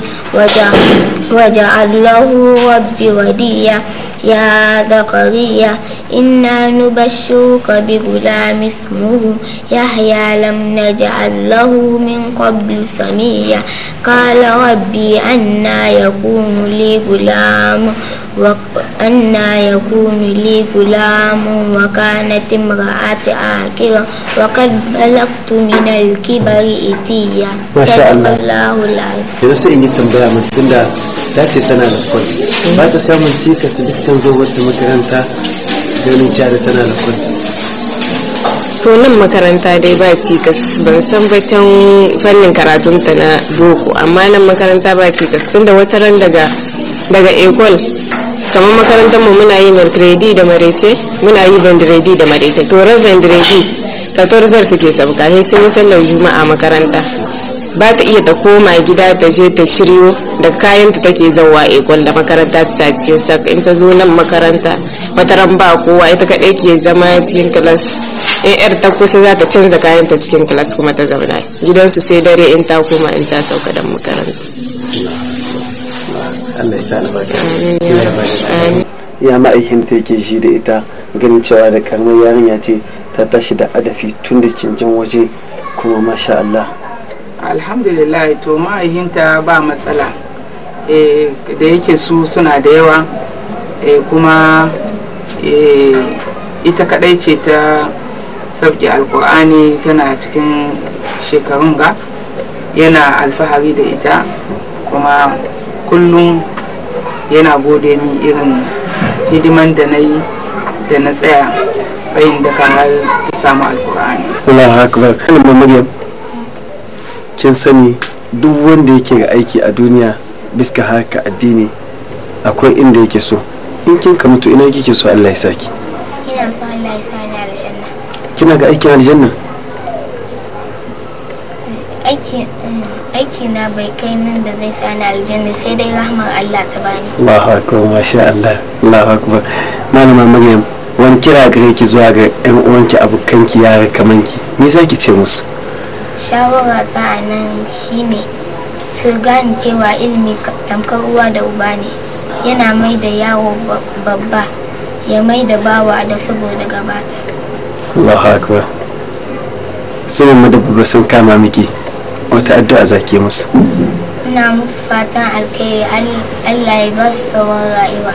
S11: وجعل له رب غديا يا زكريا إنا نبشرك بغلام اسمه يحيى لم نجعل له من قبل سميا قال ربي أنا يكون لي غلام وأن يكون لي غلام وكانت امرأتي عاقرة وقد بلغت من الكبر إتيا ما شاء الله الله
S8: العظيم
S2: تنبيه من تندا تاتي tana da kwal ba تيكا samun cikas biskan zuwa ta makaranta ganin da tana da kwal
S10: to nan makaranta dai ba cikas ban san ba can fannin karatunta na boko amma nan makaranta ba cikas tunda wata ran daga daga ekol kamar makarantar mu muna yi vendredi da marece muna yi vendredi da marece to ran vendredi katorzar suke sabuka sai sun yi sallar juma'a makaranta ba ta iya ta koma gida ta je ta shiryo da kayan ta take zawa ikon da makaranta ta sa cikin sak in ta zo nan makaranta wataran ba kowa ita kaɗai ke zama cikin kilas in yar ta kusa za ta canza kayan ta cikin kilas kuma ta zauna gidansu sai dare in ta koma in ta sauka da makaranta
S2: Allah ya sa albarka ya ta yake shi da ita ganin cewa da karamar yarinya ce ta tashi da adafi tun da kinjin waje kuma masha Allah
S5: alhamdulillah to ma'aikinta ba matsala eh, da yake su suna da yawa eh, kuma eh, ita kadai ce ta sauƙi alkur'ani tana cikin shekarun ga yana alfahari da ita kuma kullum yana gode ni irin hidiman da na yi da na tsaya tsayin da ka har ta samu alkur'ani
S3: Allahu akbar
S2: kalmar maryam kin sani duk wanda yake ga aiki a duniya biska haka addini akwai inda yake so in kin ka mutu ina kike so Allah ya saki
S11: ina so Allah ya sani aljanna
S2: kina ga aikin aljanna
S11: aiki aiki na bai kai nan da zai ni aljanna sai dai rahmar Allah ta bani
S2: Allahu akbar masha Allah Allahu akbar malama Maryam wani kira gare ki zuwa ga ƴan uwanki abokanki yara ki me ki ce musu
S11: shawara ta anan shine su gane cewa ilimi tamkar uwa da uba ne yana mai da yawo babba ya mai da bawa da saboda gaba
S2: Allahu akbar sai mu da babba sun kama miki wata addu'a zaki musu
S11: ina musu fatan alkai Allah ya ba su tsawon rayuwa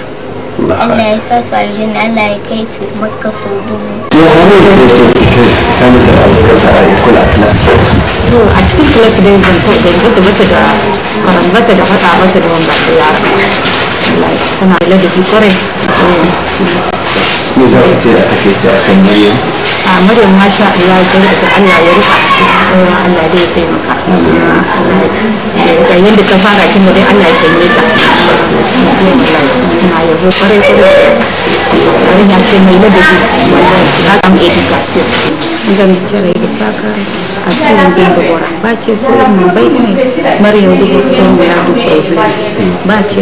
S11: Allah ya sa su aljanna Allah
S9: ya kai su makka su dubu a cikin kilas da yin mata da da fata mata da wanda yara tana da ladabi kwarai
S2: me za ku ce a takaice a kan
S9: a maryam masha Allah sai da ta Allah ya rika Allah dai ya taimaka Allah yadda ta fara kin mu Allah ya taimaka na yabo ya ce mai ladabi na samu education gani kira da kaka a siyan jin dubara ba ke fuyin mun bai ne maryam dubu ya dubu ba
S2: ke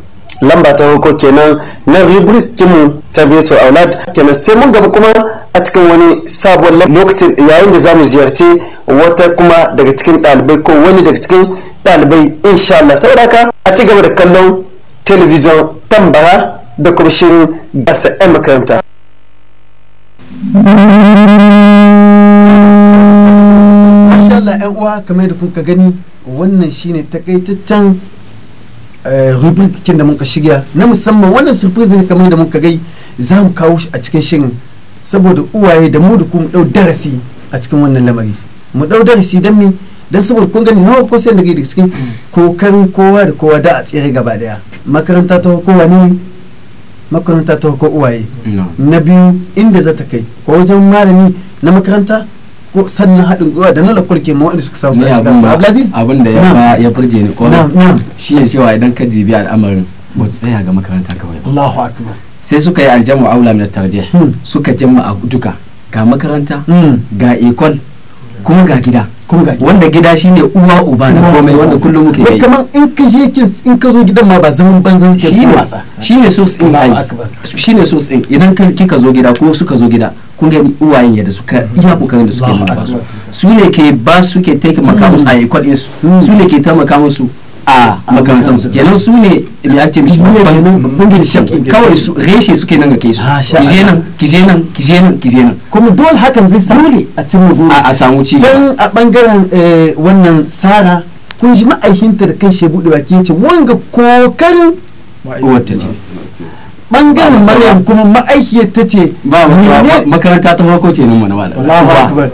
S2: lamba ta farko kenan na rubric kimu ta beto aulad kenan sai mun gaba kuma a cikin wani sabon lokacin yayin da zamu ziyarci wata kuma daga cikin ɗalibai ko wani daga cikin ɗalibai insha Allah saboda haka a ci gaba da kallon television tambara da kuma shirin gasa 'yan makaranta. Masha Allah 'yan uwa kamar da kuka gani wannan shine takaitaccen Eh, rubrikin da muka shirya na musamman wannan surprise ne kamar da muka gai za mu kawo shi a cikin shirin saboda uwaye da mu da mu ɗau darasi a cikin wannan lamari mu ɗau darasi don me don saboda kun gani nawa ko sai da daga cikin kokarin kowa da kowa da a tsere gaba daya makaranta ta kowa ne makaranta ta ko uwaye na biyu inda za ta kai ko wajen malami na makaranta ko sannan haɗin gwiwa da na lakurke ma wanda suka samu sai shiga Abdulaziz abin da ya ya burge ni ko shi ne cewa idan ka jibi al'amarin ba su tsaya ga makaranta kawai Allahu akbar sai suka yi aljamu aula min tarje hmm. suka jama'a duka ga makaranta hmm. ga ekol kuma ga gida wanda gida ne uwa uba na komai wanda kullum muke yi kamar in ka je in ka zo gidan ma ba zaman banzan ke wasa shine so tsin ne so tsin idan kika zo gida ko suka zo gida kun gani uwaye da suka iya kokarin da suka mafa su su ne ke ba su ke taimaka hmm. musu a ikwadin su hmm. su ne ke taimaka musu a makarantar su kenan su ne mai ake mishi babban ginshin kawai su reshe suke nan ga ke su ah, kije nan kije nan kije nan kije nan kuma dole hakan zai samu a cimma mu. a samu ci can a bangaren eh, wannan sara kun ji ma'aikinta da kan shi budewa ke ce wanga kokarin
S3: wata ce
S2: bangaren maryam kuma ma'aikiyar ta ce makaranta ta farko ce nan wani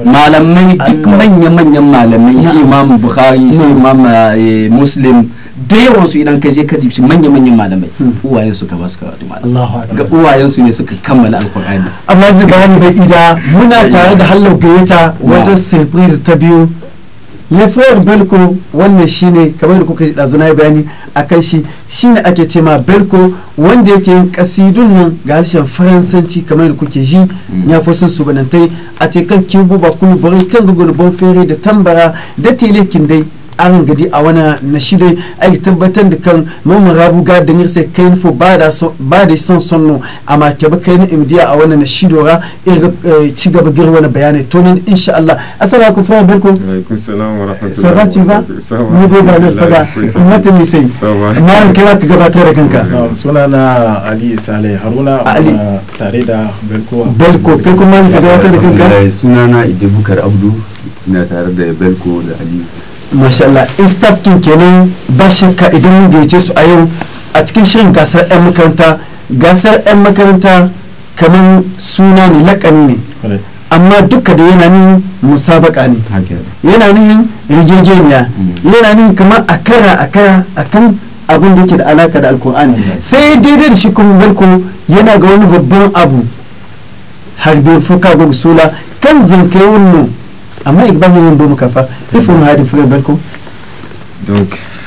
S2: malamai duk manya-manyan malamai sai imam bukhari sai imam eh, muslim da yawan su idan ka je ka dibshi manya-manyan malamai hmm. uwayen su ka ba su karatu
S6: ga
S2: uwayen su ne suka kammala alkur'ani amma zai gani da ida muna tare da hallau gayyata wata surprise ta biyu lefuwan belko wannan shine kamar da kuka ji ɗazu na bayani a kan shi shine ake ce ma belko wanda yake yin kasidun nan ga harshen faransanci kamar da kuke ji mm. ya fi sun subanantai a tekan kin ba kulu bari kan gugu bon fere da tambara da telekin dai an gadi a wana na shirye ai tabbatar da kan mamman rabu ga da nirse kai fo ba da son sonno a ba kai na imdiya a wani na shidora in eh, ci gaba girwa wani bayanai to insha Allah assalamu alaikum fa barku
S3: sabati ba mu dai ba ne faga mata sai ka gabatar da kanka
S8: suna na Ali Saleh Haruna tare da Belko Belko kai kuma ka gabatar da kanka
S12: suna na Idibukar Abdu ina tare da Belko da Ali
S2: mashallah in staff din kenan ba shakka idan mun gayyace su a yau a cikin shirin gasar 'yan makaranta gasar 'yan makaranta kamar suna ne lakani ne amma duka da yana nin musabaka ne yana nin rigegeniya mm. yana nin kamar a kara a a kan abin da yake da alaka da alkur'ani sai daidai da shi kuma barko yana ga wani babban abu harbe fuka gogsula kan zankai mu. Donc,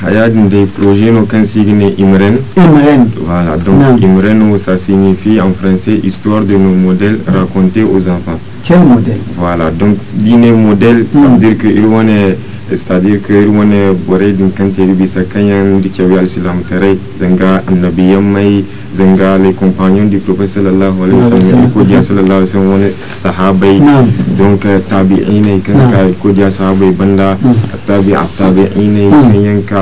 S13: il y a donc des projets qui ont signé imren imren voilà donc imren ça signifie en français histoire de nos modèles racontés aux enfants Quel modèle Voilà, donc dîner modèle, ça veut hmm. dire que il wane c'est-à-dire que il wane bore din kan teri bisa kanyan dikyawi al-islam tare zanga annabiyan mai zanga les compagnons du prophète sallallahu alaihi wasallam ko dia sallallahu alaihi wasallam wani sahabay donc euh, tabi'in ne kan ka ko dia sahabai banda hmm. tabi'a tabi'in ne hmm. kan yanka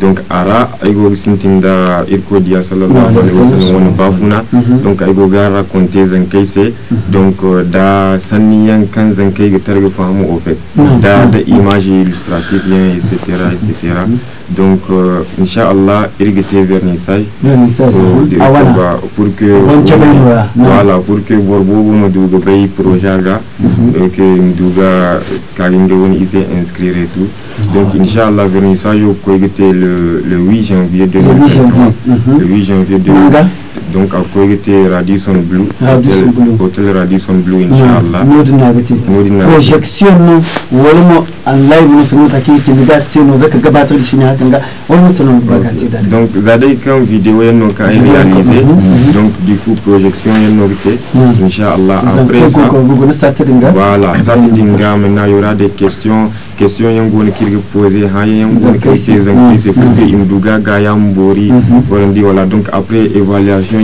S13: donc ara aigo sintinda irko dia sallallahu alaihi wasallam wani bafuna mhm. donc aigo ga raconte zankai se mhm. donc euh, da sanniyan kan zankai ga targa fahimu ofe da da image illustrative cetera etc etc mhm. donc euh, inchallah irgite vernissage awana pour que ah, voilà pour que borbobo mo duga bay projet ga donc mo duga kalinge woni ise inscrire et tout ah. donc inchallah vernissage ko irgite le, le 8 janvier 2023. Le 8 janvier. Le 2023 donc akwai gite radisson blue radisson blue hotel radisson blue inshallah modi na modi projection
S2: no wani mu an live mu sun take ki da ce no zaka gabatar da shi ne hakan ga wani mutum ba ka da
S13: donc za dai kan vidéo yan no ka réaliser donc du coup projection yan no gite inshallah après ça voilà ça te dinga maintenant il y aura des questions questions yan gona kirga poser ha yan gona kai sai zan kai sai fuka imduga ga bori wala donc après évaluation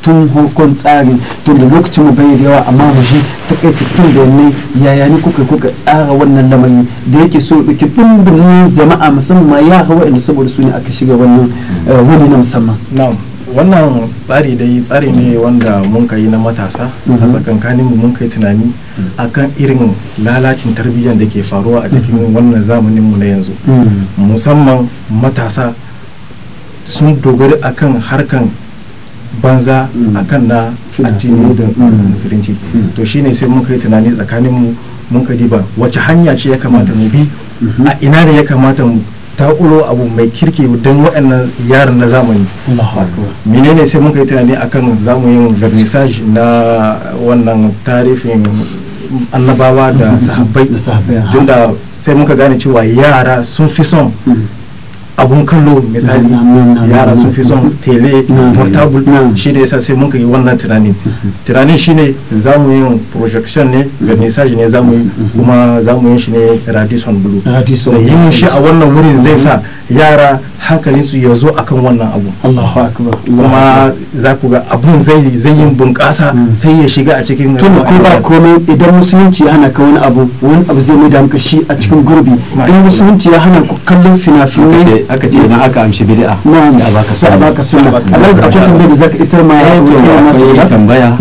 S2: tun hukun tsari tun da lokacin mu bai da yawa amma mu shi tun da ne yaya ni kuka kuka tsara wannan lamari da yake so duki dimbin jama'a musamman ya hawa inda saboda su ne aka shiga wannan eh, wani na musamman naam wannan tsari dai tsari
S8: ne wanda mun kai na matasa a mhm. tsakankanin mu mun kai tunani mhm. akan irin lalacin tarbiyyar da ke faruwa a cikin mhm. wannan zamanin mu na yanzu musamman matasa sun dogara akan harkan banza mm. kan na addini da mm. Mm. musulunci to shine sai muka yi tunani tsakanin mu mun ka diba wace hanya ce ya kamata mu bi mm-hmm. a ina ne ya kamata mu takulo abu mai kirki don waɗannan yaran na zamani menene sai muka yi tunani akan zamu yin vernissage na wannan tarifin annabawa da mm-hmm. sahabbai tunda sai muka gane cewa yara sun fi son abun kallo misali yara sun fi son tele portable shi da yasa sai muka yi wannan tunanin tunanin shine za mu yi projection ne vernissage ne za mu yi mhm. kuma za mu yi shi ne radisson blue da yin shi a wannan wurin zai sa mhm. yara su ya zo kan wannan abu kuma za ku ga abun zai yi bunƙasa mhm. sai ya shiga a cikin tun ko ba
S2: komai idan musulunci ya hana ka wani abu wani abu zai mai da shi a cikin gurbi idan musulunci ya hana ku kallon fina-finai aka ce idan aka amshi bid'a sai a baka sunna a baka sunna a akwai tambaya da zaka isar ma ya eh, to akwai tambaya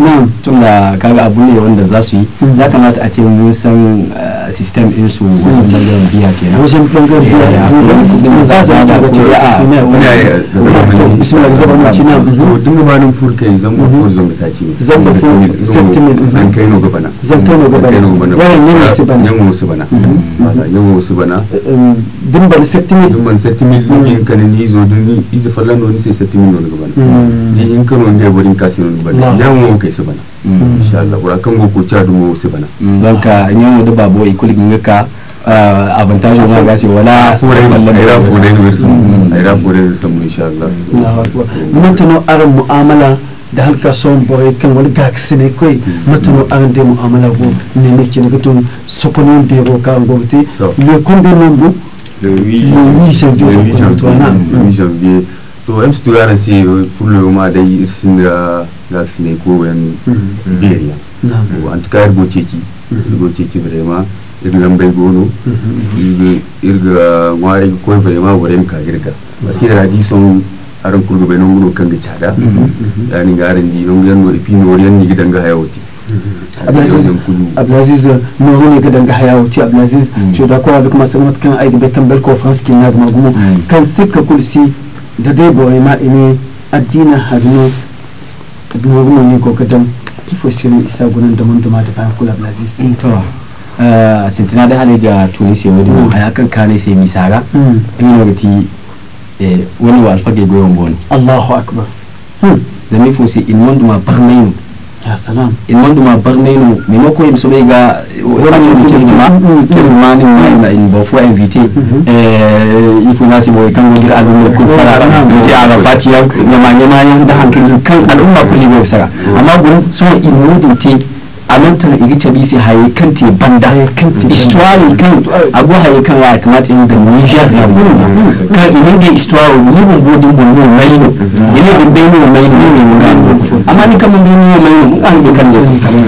S2: tun da kaga abu ne wanda za su yi hmm. ya kamata a ce mun san eh, system din su hmm. wajen bangaren biya kenan wajen bangaren biya eh, kuma za su ta
S12: bace ya to bismillah zaba mu ci hmm. nan duk gabanin fur kai zan ba fur zan ta ci zan ba fur sentiment zan kai no gaba na zan kai no gaba na wannan ne su bana yan musu bana yan musu bana dimban sentiment dimban sentiment mi min mm. kan ni zo dun izo falla no ni sai sati min no gaba ni in kan wanda ya barin kasi no gaba ya mu kai su bana insha Allah ura kan go ko cha dum su bana dan ka ni mu da babo i kulli ka avantage ma gasi wala fure ira fure no irsan ira fure irsan mu mm. insha
S2: Allah mun tano aran mu'amala da halka son boy kan wani gaksi ne kai matuno an de mu'amala go ne ne kin gutun sokonon be go kan go te me kun be mun
S13: le 8 janvier. Le 8
S12: janvier. Le 8 janvier. to wa'yansu to yaran sai kullum ma dai irsin da ga su ne ko wayan beriya an tuka yar goceci goceci birema irin lambai gono irga ngware ko birema wurin ka parce paske a radi son aran kurgo bai nan kan ga cada yani mm-hmm. mm-hmm. ga aran di don ga no ni gidan ga hayawti
S2: abdulaziz abdulaziz no ga danga haya wuti abdulaziz ce da kowa bik masu mat kan aidi bekan ko france kin na magumo kan sika kulsi da dai boye ma ine addina hadno ibnu gumo ne ko kadam kifo sirri isa gunan da mun duma da bayan kula abdulaziz to sintina da hali ga tunisi ya wadi a kan kane sai misara ina wagati wani wa alfage goyon gona allahu akbar da mifo sai in mun duma barnayin ya salam in wanda ma barne no no ko imso ga wani ni ke ma ke ma ni ma in ba fu eh boy ko sara ti ala fatiya nyama nyama yan da hankali kan al'umma kulli be sara mm-hmm. amma gurin so in alantana igi cabi sai haye kan te banda istuwari kan ago haye kan wa kamata yin da nijar na wuri kan inin da istuwari yi mun godin mun mun mai no ina bin bai mun mai no ne mun gani amma ni kan mun bai mun mai no mun an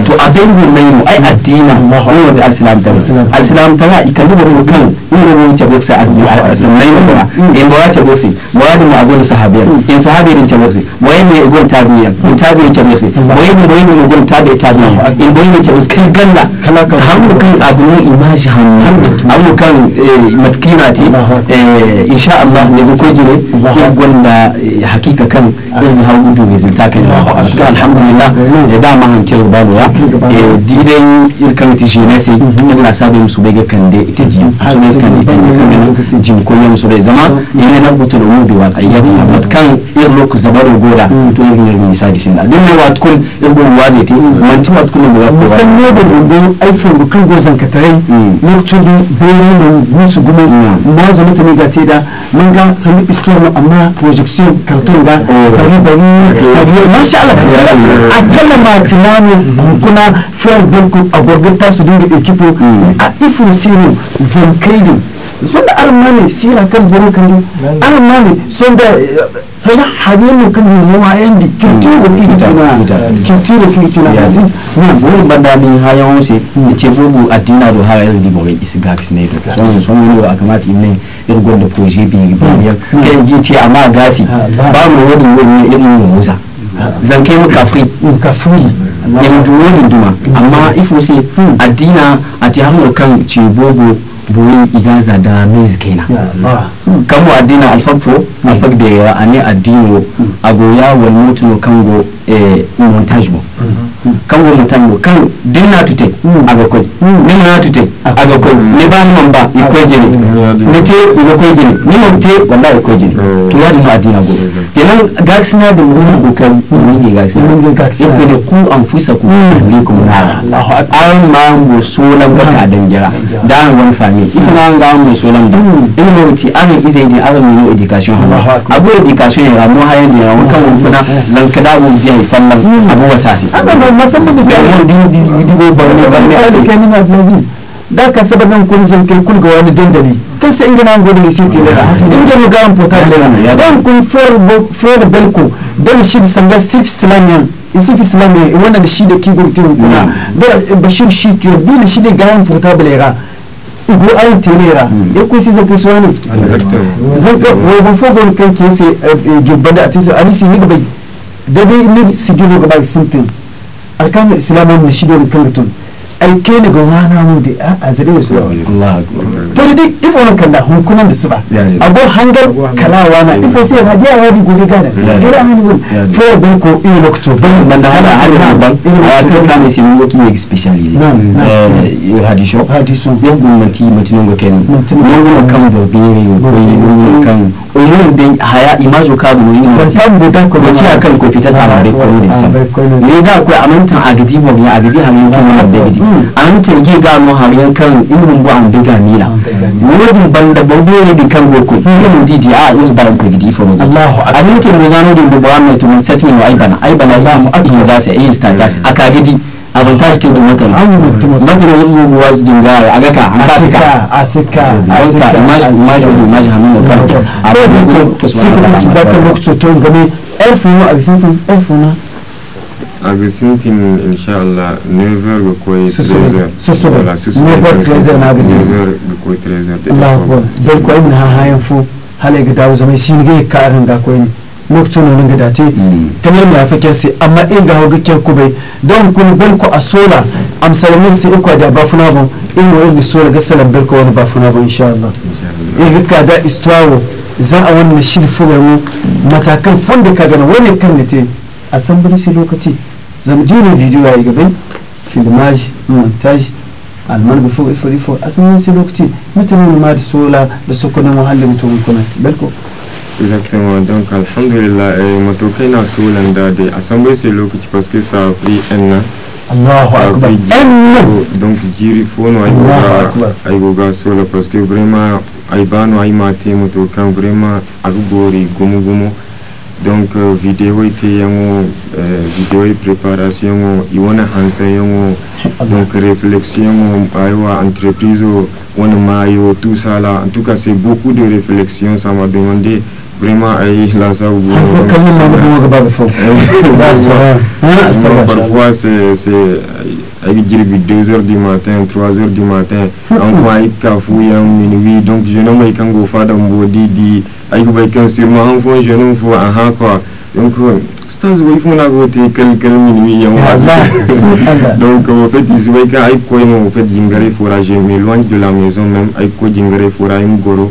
S2: to a bai mun mai no ai addina ta alislam ta ikan da mun kan ina mun cabi sai addini alislam mai no ba in ba cabi sai mu agon sahabiya in sahabiyar din cabi sai wani ne gon tabiya tabiya cabi sai wani ne wani ne gon tabiya tabiya bayyana ce uskan galla hamu kan abu ne imaji hamu hamu kan eh, matkina te eh, insha Allah ne ko jire gwanda eh, hakika kan in gudu mai zinta kan to alhamdulillah da dama hankin ba lura didan irkan na sai mhm. na musu bai ga ita su ne kan ita kan ko su bai zama ina mhm. na da wa mhm. matkan irin lokacin to irin irin wazi musan mm. ne da dundun aifin bukan gozan katarai lokacin da bayan nan gusu gumi na mm. zama ta ne ga ce da mun ga sami istorno amma projection karton ga oh. bari bari masha Allah a kala ma tunani kuna fiyar banku a gwargwata su dinga ekipo mm. a ifin sinu zankaidin sun da armani sira kan burukan armani sun da Sasa haviendo kama haendi kitiro kitana kitiro kitana aziz badani haya wose ce bugu yanzu sun wani a kamata inne irin gonda projet bi ce mm. mm. amma gasi ba mu wani wani irin musa zan kai mu kafri kafri duma mm. amma ifo sai addina a ti hamu kan ce bugu boyin igaza da maize kenan hmm, kan wa addina alfafo da yawa a ne addino hmm. a goya mutuno kango eh, montage mo hmm. kan go mutango kan din na tute hmm. aga koy hmm. ni na tute ah. a hmm. ga koy ne ba man ba i koy
S5: jeni ne te i koy jeni ni mo te wallahi koy jeni
S2: to ya na adina go jenan na da mu ko kan ni ge gaxina ni ge gaxina ko de ku an fusa ku ne ko na Allahu akbar an ma mu solan ga ka dan jira dan wan fami na an ga mu solan da in mo ti an zai ne an mu education ha abu education ya mu hayan da wa kan mun kuna zan kada mu je fallan abu wasasi amma san ba misali tsakanin abdulaziz da ka saba nan kun san kai kulga wani dandali kan sai ingana ngode ne sai tilera ingana ga an pota lera dan kun for for belko dan shi sanga sif slanian isif slanian wannan shi da kigor kiyon kuna da bashir shi kiyo bi shi da ga an pota lera igu ay tilera hmm. ya kusi zan kai suwani zan ka wo ban fogon kan kese eh, eh, gibada atisa alisi ni gbai dade ni sigino gbai sintin أركان الإسلام من الشدة الكنغتون aike ni ga wani mu da a zire su to dai ifo nan kan da hunkunan da su ba agor hangar kalawa na ifo sai hadi a wadi gobe gada jira hannu gun fo da ko in lokto ban ban da hada hada ban a kan kan sai ki yake na yi hadi shop hadi so yan gumati matinan ga kenan yan gumma kan ko kan oyin haya imajo ka yin san tan da ko ci akan ko fita ko ne san ne da akwai amantan agidi mo ya agidi hanin kuma da an tin gi gano har harin kan irin bu an biga mila ban da bobe ne kan goko irin didi a irin ban ku gidi fo a an tin mu din bu mai tumun setting wa aibana aibana ba mu abin za su yi sta gas gidi dinga ka an asika asika asika a ko ko su zaka lokacin to game elfu a elfu
S13: À Vicentine, Inch'Allah, 9h, le quoi 13h. Ce soir, 9h, 13h, na Vicentine. 9h, le quoi 13h. Allah, bel quoi,
S2: na hayan fo, hale ga dawo zama sin ga ka ran ga koyi. Lokacin nan ga date, hmm. kan yanda ya fake sai amma in ga hoga ke kubai, don kun bel ko asola, am salamin sai ko da bafuna bon, in wo in sola ga salam bel ko wani bafuna bon inshallah.
S3: Inshallah.
S2: Ya ka da istawo za a wannan shirfu ga mu matakan fon ka gana wani kan ne te a san lokaci zamjinin video ya yi gabai filmaji montage mm, alman bifo ifo a sanin sai lokaci mutane ma da sola da sokonin muhalli mutum kuma belko
S13: exactement donc alhamdulillah eh, matokai na so da dai a san bai sai lokaci parce que ça a pris Allahu akbar un oh, donc jiri fono ay goga ay goga sola parce que vraiment ay no ay mate matokan vraiment agbori gumu gumu donc euh, euh, vidéo et vidéo préparation il i a donc réflexion o entreprise tout ça là en tout cas c'est beaucoup de réflexion ça m'a demandé vraiment ay lasabu (laughs) ah, parfois c'est c'est ay jirbi 2 h du matin 3 h du matin on voit ay kafu ya minuit donc je ne mai kango fada mbodi di ay bay kan sûrement en fond je ne fo aha quoi donc stars way fo na gote quel quel minuit ya hein, ah, bah. (laughs) ah, bah. donc en fait ils way ka ay ko no en fait jingare fora je loin de la maison même ay ko jingare fora im goro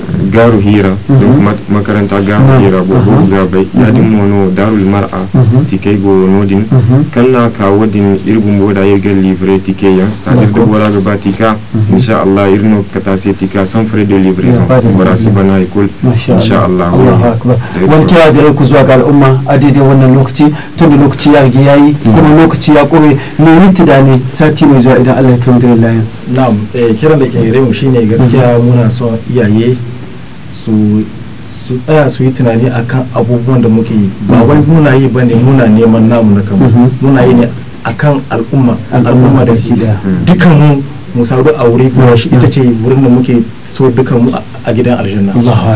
S13: garu hira donc mhm. makaranta garu hira bo go ya yadin mono darul mar'a mhm. tike go nodin mhm. kanna ka wadin irgun boda yirgen livre tike ya c'est-à-dire da bora ba tika insha Allah irno kata se tika sans frais de livraison bara si bana ikul insha Allah wal kira
S2: da ku zuwa ga al'umma a wannan lokaci tun lokaci ya rige yayi kuma lokaci ya kore ne ni da ne
S8: sati mai zuwa idan Allah ya kai mu da lafiya na'am eh, kiran da ke gare shine gaskiya muna son iyaye su tsaya su yi tunani akan abubuwan da muke yi ba wai muna yi ba ne muna neman namu na kama mhm. muna yi ne akan al'umma al'umma da ke mm. dukan mu mu a wuri kuma shi ita mm. ce wurin da muke so dukan mu a gidan aljanna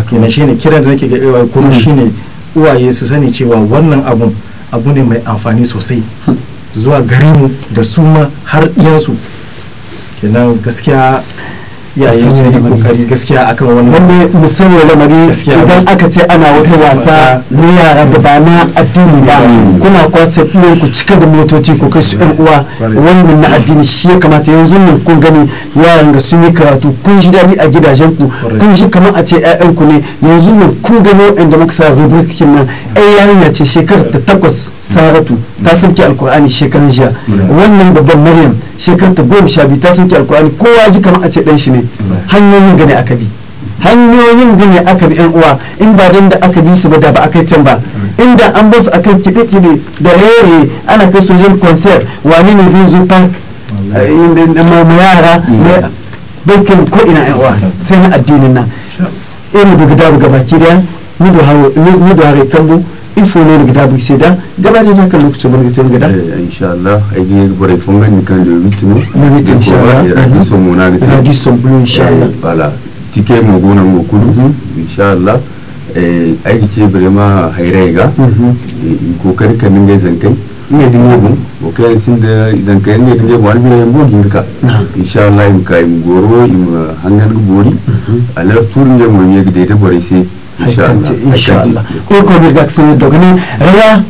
S8: kenan shine kiran da nake ga iyaye eh, kuma mm. shine uwaye su sani cewa wannan abun abu ne mai amfani sosai zuwa gare mu da su ma har iyansu kenan gaskiya ya sauya da kokari gaskiya akan
S2: wani wanda mu sauya lamari idan aka ce ana wata wasa na yara da ba na addini ba mm. kuna kwasa ɗin ku cika da motoci ko kai su yan mm. uwa wannan na addini shi ya kamata yanzu mun kun gani yaran ga sun yi karatu kun ji daɗi a gidajen ku kun ji kamar a ce ƴaƴan ku ne yanzu mun kun gani waɗanda muka sa rubrikin nan mm. ai yarinya ce shekarar ta takwas saratu ta sauke alkur'ani shekaran jiya wannan babban maryam shekarar ta goma sha biyu ta sauke alkur'ani kowa ji kamar a ce ɗan shi ne hanyoyin hanyoyin gane aka bi hanyoyin gane aka bi yan uwa in ba don da aka bi su ba da ba aka can ba inda an bar su akan kide-kide da raye ana kai sojan concert wani ne zai zo park eh, mai yara ne bankin ko ina yan uwa sai na addinin na irin da buga baki da mu da hare kambu il faut non gida bi da gaba da zaka lokacin bar gitan gida eh insha Allah ai gi bare fonga ni kan da
S12: ritmo na bit insha Allah radi son mu na gida radi son blue insha Allah wala tike mu gona mu kudu insha Allah eh ai gi ce bare ma haire ga kokari kan ninga zankai
S3: ne dinga bu
S12: o kai sin da zankai ne dinga bu albi ne mu ginga insha Allah in kai mu goro im hangan gori alar tur ne mu ne gida da bare sai ko
S2: da raya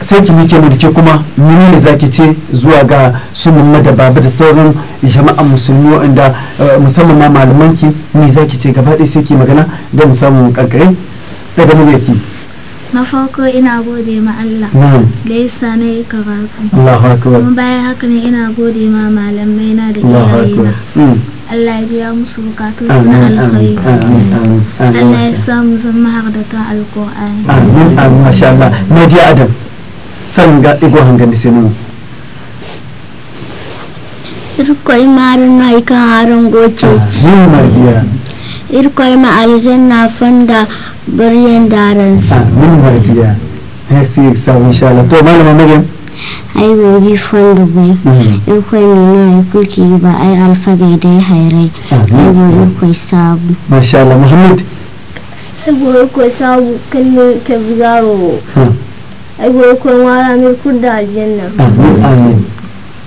S2: sai ki nike mu dake kuma ne zaki ce zuwa ga su da baba da sauran jama'an musulmi wanda musamman ma malaman ki ni zaki ce gaba ɗaya sai ki magana da mu samu karkare daga mu yake
S5: na farko ina gode ma Allah da ya sa na yi karatu kuma bayan haka ne ina gode ma malamai na da iyayena Allah ya biya musu bukatu su na alkhairi Allah ya samu zan har da ta alkur'ani amin amin masha Allah Nadia
S2: Adam san ga igo hangar da sinu
S4: Irkoi marin na ikan harin goce.
S2: Amin
S4: irkoyma aljanna fonda boryen daransu amin ah, mardiya
S2: merci exam inchallah to malama maryam
S4: ai gobi fondu bai hmm. irkoi mino ya kulki ba ai alfagai da ya hairai ah, ai irkoi sabu
S2: masha Allah Muhammad
S4: ai irkoi sabu
S5: kallon ta bizaro
S2: hmm.
S4: ai irkoi wara mir kudda aljanna
S2: amin ah, amin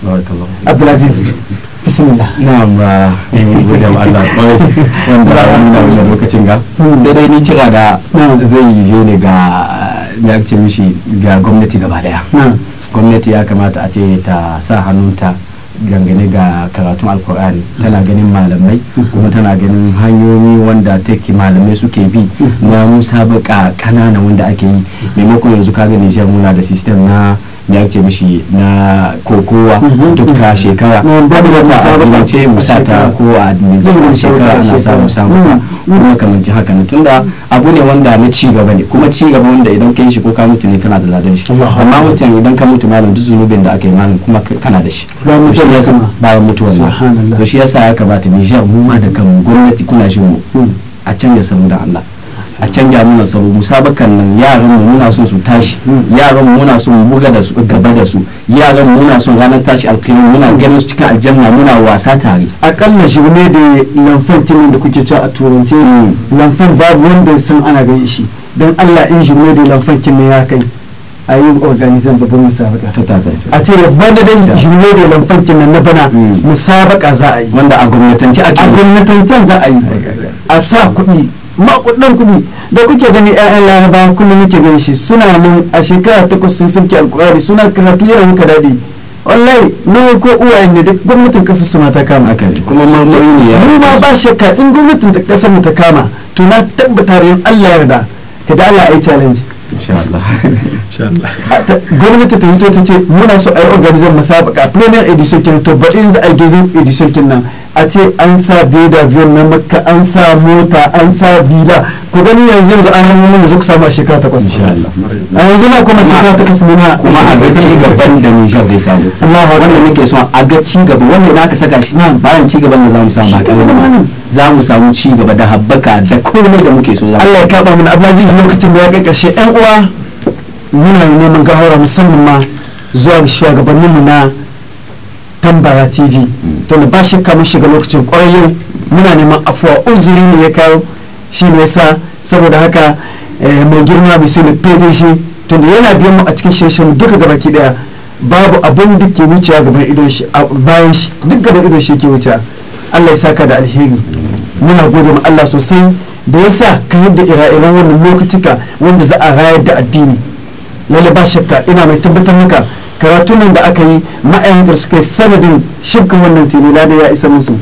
S2: barakallahu Abdulaziz bismillah na'am uh, ba ne ne ma Allah wanda lokacin ga hmm. sai dai ni kira da zai yi je ne ga me ake mishi ga gwamnati gaba daya gwamnati ya kamata a ce ta sa hannunta dangane ga karatun alkur'ani tana ganin malamai hmm. kuma tana ganin hanyoyi wanda take malamai suke bi hmm. na musabaka kanana wanda ake yi maimakon yanzu kaga nijar muna da sistem na da ake mishi na kokowa mhm. duka shekara a ce musata ko a dindindin shekara ana samu samu ba mhm. kuma kamanci haka ne tunda abu ne wanda na ci gaba ne kuma ci gaba wanda idan kai shi ko ka mutu ne kana da ladan shi amma mutum idan ka mutu malam duk zunubin da aka yi malam kuma kana da shi bayan mutuwa ne to shi yasa ya kamata Nijar mu ma da kan gwamnati kuna shi mu mhm. a can ya samu da Allah a canja muna tsaro musabakan nan yaran mu muna son su tashi yaran mu muna son buga da su gaba da su yaran mu muna son ranar tashi alkhairi muna ganin su cikin aljanna muna wasa tare akalla shi ne da lanfan kinin da kuke cewa a turance hmm. lamfan babu wanda san ana ganin shi don Allah in shi ne da lamfan kinin ya kai a yi organizan babban musabaka a ce wanda da dai shirye da lamfankin nan na bana hmm. musabaka za a yi wanda a gwamnatance a gwamnatancen za a yi a sa kuɗi makudan kudi da kuke gani ƴaƴan laraba kullum muke gani shi suna nan a shekara takwas sun sauke alkurari suna karatu yana muka daɗi wallahi nawa ko uwa ne duk gwamnatin ƙasa su ta kama kare kuma marmari ne ya mu ma ba shakka in gwamnatin ta ƙasa mu ta kama to na tabbata da yin Allah yarda ka da Allah yi challenge insha Allah insha Allah (laughs) gwamnati ta hito ta ce muna so yi organization musabaka premier edition kin to baɗin za a gizin edition kin nan a ce an sa beda biyun na makka an sa mota an sa bila ku gani yanzu yanzu an hannu mun zuku samu a shekara takwas a yanzu na kuma shekara takwas muna kuma a ga ci gaban da Nijar zai samu wanda nake so a ga ci gaba wanda na saka shi bayan ci gaban da zamu samu a kan za mu samu ci gaba da habbaka da komai da muke so Allah ya kaba mana Abdulaziz lokacin da ya kai kashe ɗan uwa muna neman gahara musamman ma zuwa shugabanninmu na tambaya tv to ba shi kama shiga lokacin ƙwararren muna neman afuwa uzuri ne ya kawo shi ne yasa saboda haka eh, mai girma mai so fede shi da yana biyan mu a cikin shirin duka gaba ki daya babu abin da ke wucewa gaban idon shi bayan shi duk gaban idon shi ke wucewa Allah ya saka da alheri muna gode ma Allah sosai da yasa ka yadda ire-iren wannan lokaci ka wanda za a rayar da addini lalle ba shakka ina mai tabbatar maka karatunan da aka yi ma'aikatar su kai sanadin shibkin wannan tilila da ya isa musu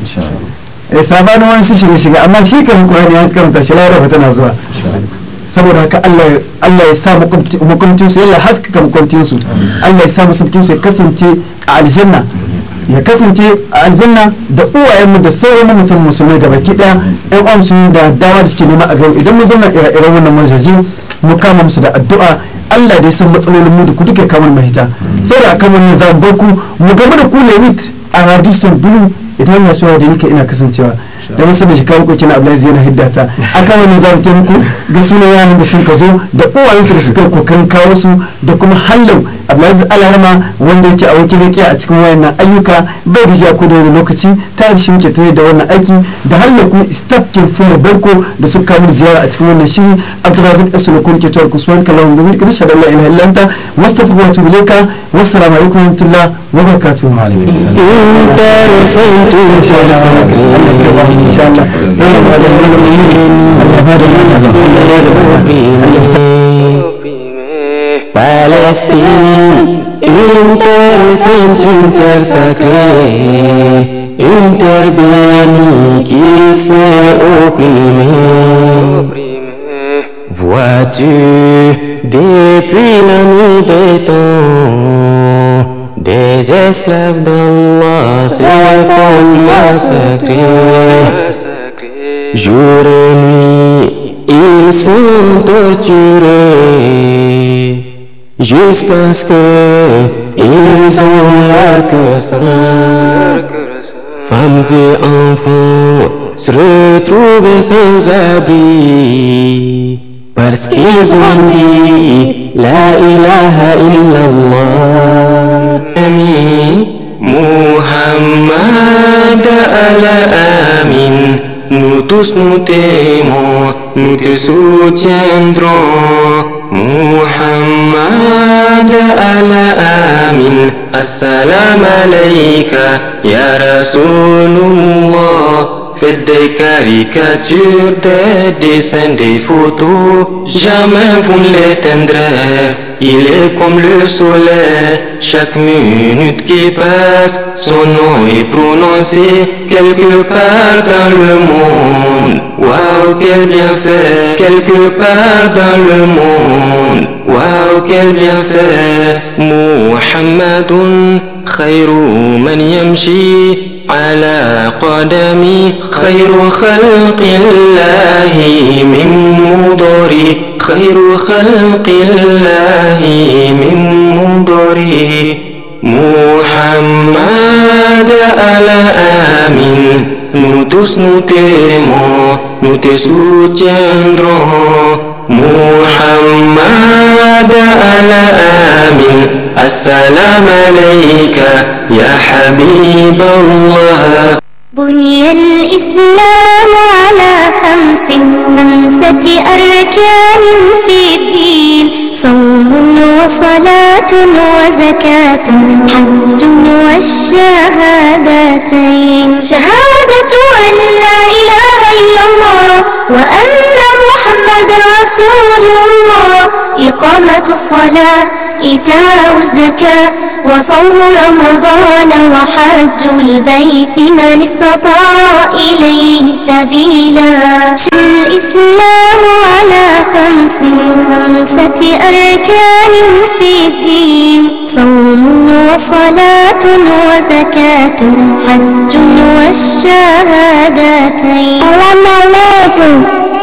S2: eh sabanin wani sun shirye shiga amma shi kan Qur'ani ya karanta shi lafiya tana zuwa saboda haka Allah ya sa mukuntin su yalla haska ka su Allah ya sa musu su ya kasance a aljanna ya kasance a aljanna da uwayenmu da sauran mutum musulmai da baki ɗaya. yan uwan da dawa da suke nema a gaba idan mu zanna ire-iren wannan mazajin mu kama musu da addu'a Allah da ya san matsalolin mu da ku duka kamar mahita sai da kamar ne za ku mu game da ku mit a hadisin bulu idan na soyayya da nika ina kasancewa da sani da shekaru ko kina Abdullahi yana hidda ta a kamar ne za mu muku ga sunan yaran da sun kazo da da su da suka kokarin kawo su da kuma hallau abdulaziz alharma wanda yake a wakil yake a cikin wayannan ayyuka bai da ko da wani lokaci ta shi muke tare da wannan aiki da har da kuma staff ke fura barko da suka kawo ziyara a cikin wannan shiri abdulaziz asulu kun ke tawar kusuwan kalawun gami da shadar la ilaha illanta mustafa wa tubileka wassalamu alaikum wa rahmatullah wa barakatuh wa alaikum
S3: assalam
S6: Palestine, une terre sainte, une terre sacrée, une terre bénie qui se fait Vois-tu, depuis la nuit des temps, des esclaves d'Allah
S3: se font sacrées, Jour et nuit, ils sont torturés.
S6: jusqu'à ce qu'ils ont leur cœur Femmes et enfants se retrouvent sans abri parce qu'ils ont dit La ilaha illallah. Ami Muhammad ala amin. Nous tous nous t'aimons, nous te soutiendrons. Muhammad محمد أنا آمن السلام عليك يا رسول الله Fede caricature des dessins des photos Jamais vous ne les Il est comme le soleil, chaque minute qui passe, son nom est prononcé quelque part dans le monde. Waouh, quel bienfait, quelque part dans le monde. Waouh, quel bienfait, Muhammadun, خير من يمشي على قدمي خير خلق الله من مضري خير خلق الله من مضري محمد على آمين Nutus nutemo, nutis ucendro محمد على آمين السلام عليك يا حبيب الله
S1: بني الإسلام على خمس خمسة أركان في الدين صوم وصلاة وزكاة حج والشهادتين شهادة أن لا إله إلا الله وأن محمد رسول الله إقامة الصلاة إيتاء الزكاة وصوم رمضان وحج البيت من استطاع إليه سبيلا شر الإسلام على خمس خمسة أركان في الدين صوم وصلاة وزكاة
S3: حج والشهادتين